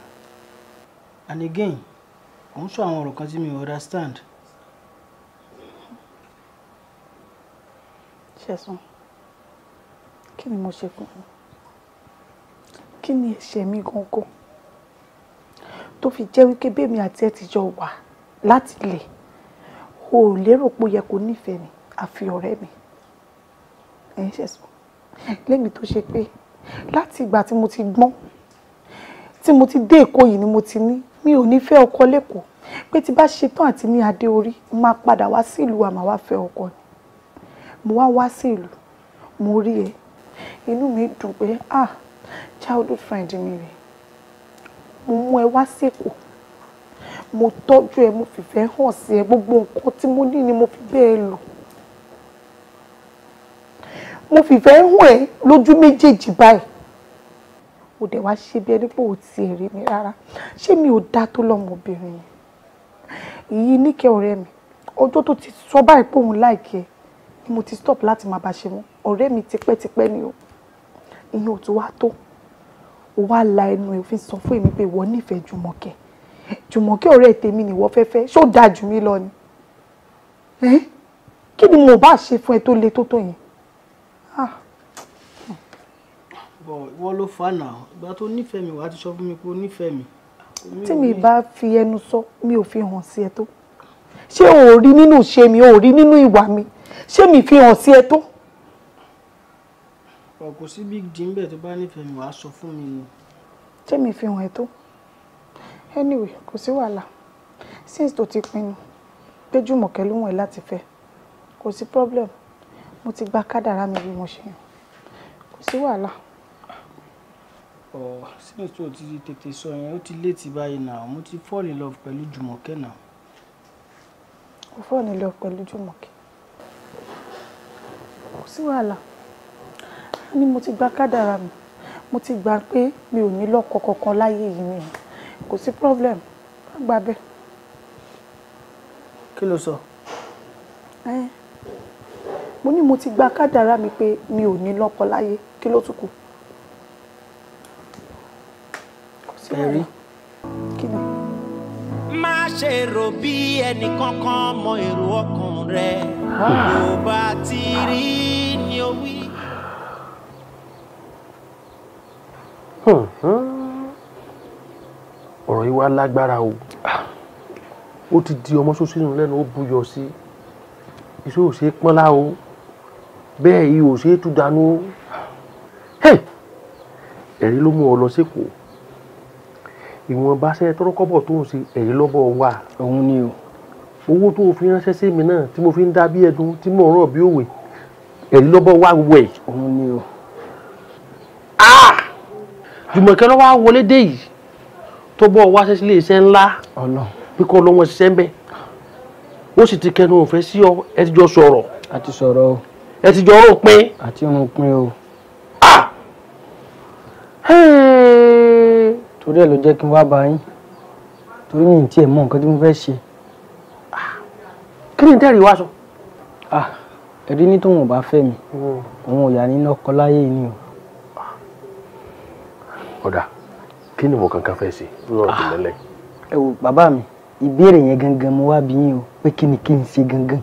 and again ò ń sọ àwọn ọ̀rọ̀ kan tí mi ò understand. ṣẹ̀sán kí ni mo ṣe fún un kí ni ẹ̀ṣẹ̀ mi gan-an kò tó fi jẹ́ wípé bẹ́ẹ̀mi àti ẹ ti jọ wà láti lè o ò lérò pé ó yẹ kó nífẹ̀ẹ́ mi àfi ọ̀rẹ́ mi ẹ̀yin ṣẹ̀sùn lẹ́mi tó ṣe pé láti ìgbà tí mo ti gbọ́n tí mo ti dé èkó yìí ni mo ti ní mi ò ní fẹ́ ọkọ lẹ́kọ̀ọ́ pé tí bá ṣetán àti ní adé orí máa padà wá sí ìlú àmà wá fẹ́ ọkọ ni mo wá wá sí ìlú mo rí ẹ inú mi dùn pé ah childhood friend mi rèé mo mú ẹ wá sèkò mo tọ́jú ẹ mo fìfẹ́ hàn sí ẹ gbogbo nǹkan tí mo ní ni mo fi bẹ́ẹ̀ lò mo fìfẹ́ hàn ẹ lójú méjèèjì báyìí mo dẹ̀ wá ṣe bí ẹni pé ò tiẹ̀ rí mi rárá ṣé mi ò dá tó lọ́mọbìnrin yẹn èyí níkẹ́ ọ̀rẹ́ mi ọjọ́ tó ti sọ báyìí pé òun láìkẹ́ ni mo ti stop láti máa bá ṣe wọn ọ̀rẹ́ mi tipẹ́tipẹ́ ni o ìyẹn ò tún wá tó o wá la ẹnu ẹ̀ òfin sọ fún èmi pé ìwọ nífẹ̀ẹ́ jùmọ̀kẹ́ jùmọ̀kẹ́ ọ̀rẹ́ tèmi nìwọ fẹ́fẹ́ ṣó dáa jù mí lọ ni kí ni mo bá ṣe fún ẹ tó le tó tó yẹn. Ah. wọ́n ló fà náà ìgbà tó nífẹ̀ẹ́ mi wàá ti sọ fún mi pé ó nífẹ̀ẹ́ mi. tí mi bá fi ẹnu sọ mi ò fi hàn sí ẹ tó ṣé o ò rí nínú ìṣe mi o ò rí nínú ìwà mi ṣé mi fi hàn sí ẹ tó ọ̀ kò sí big deal bẹ́ẹ̀ tó bá nífẹ̀ẹ́ mi wàá sọ fún mi ni. tèmi fi hàn ẹ́ tó anyway kò sí wàhálà since tó ti pinnu pé Jùmọ̀kẹ́ ló wọ̀n ẹ́ láti fẹ́ kò sí problem mo ti gba kádàrá mi bí mo ṣe yàn kò sí wàhálà. ọ since tó ti tètè sọ yẹn ó ti léètì báyìí náà mo ti fall in love pẹ̀lú Jùmọ̀kẹ́ náà. mo fall in love pẹ̀lú Jùmọ̀kẹ́ kò sí wàhálà ni mo ti gba kádàrà mi mo ti gbà pé mi ò ní lọ́kọ kankan láyé yìí ni kò sí problem má gbà bẹ́ẹ̀. kí ló sọ. mo ní mo ti gba kádàrà mi pé mi ò ní lọ́kọ láyé kí ló tún kù. kò kí ni. má ṣe rò bí ẹnì kankan mọ èrò ọkàn rẹ ah. bó bá ti rí ni o wí. Hmm, hmm. ọ̀rọ̀ yìí wá lágbára o ah, ó ti di ọmọ sósì nù lẹ́nu ó buyọ̀ sí iṣẹ́ ò ṣe é pọ́nlá o bẹ́ẹ̀ yìí ò ṣe é tú dànù o ẹ̀rí ló mú ọ lọ sékòó ìwọ̀nba ṣe tọ́rọ́kọ́bọ̀ tó ń ṣe ẹ̀rí lọ́bọ̀ wà. òun ni o. owó tó o fi ránṣẹ́ sí mi náà tí mo fi ń dá bí ẹdun tí mo rọ̀ bí òwe ẹ̀rí lọ́bọ̀ wà wẹ̀. òun ni o jùmọ̀kẹ́ lọ́wọ́ wọlé dé yìí tó bọ́ wá sílé iṣẹ́ ńlá bí kò lọ́wọ́ ṣiṣẹ́ ń bẹ̀ ó sì ti kẹnu òfẹ́ sí ọ ẹ ti jọ sọ̀rọ̀ a ti sọ̀rọ̀ o ẹ ti jọ ọ̀rọ̀ pín àti irun pín o. torí ẹ̀ ló jẹ́ kí n wá bá yín torí mi ì tiẹ̀ mọ nǹkan tí mo fẹ́ ṣe. kí ni tẹ́rì wá sọ. ẹ̀rí ní tóun ò bá fẹ́ mi hmm. òun ò yà nínú ọkọ láyé ni o ọ̀dà kí ni mo kankan fẹ́ ṣe lọ́rọ̀ tó ah. lẹ́lẹ̀. ẹ wo bàbá mi ìbéèrè yẹn gangan mo wá bí yín o pé kí ni kí n ṣe gangan.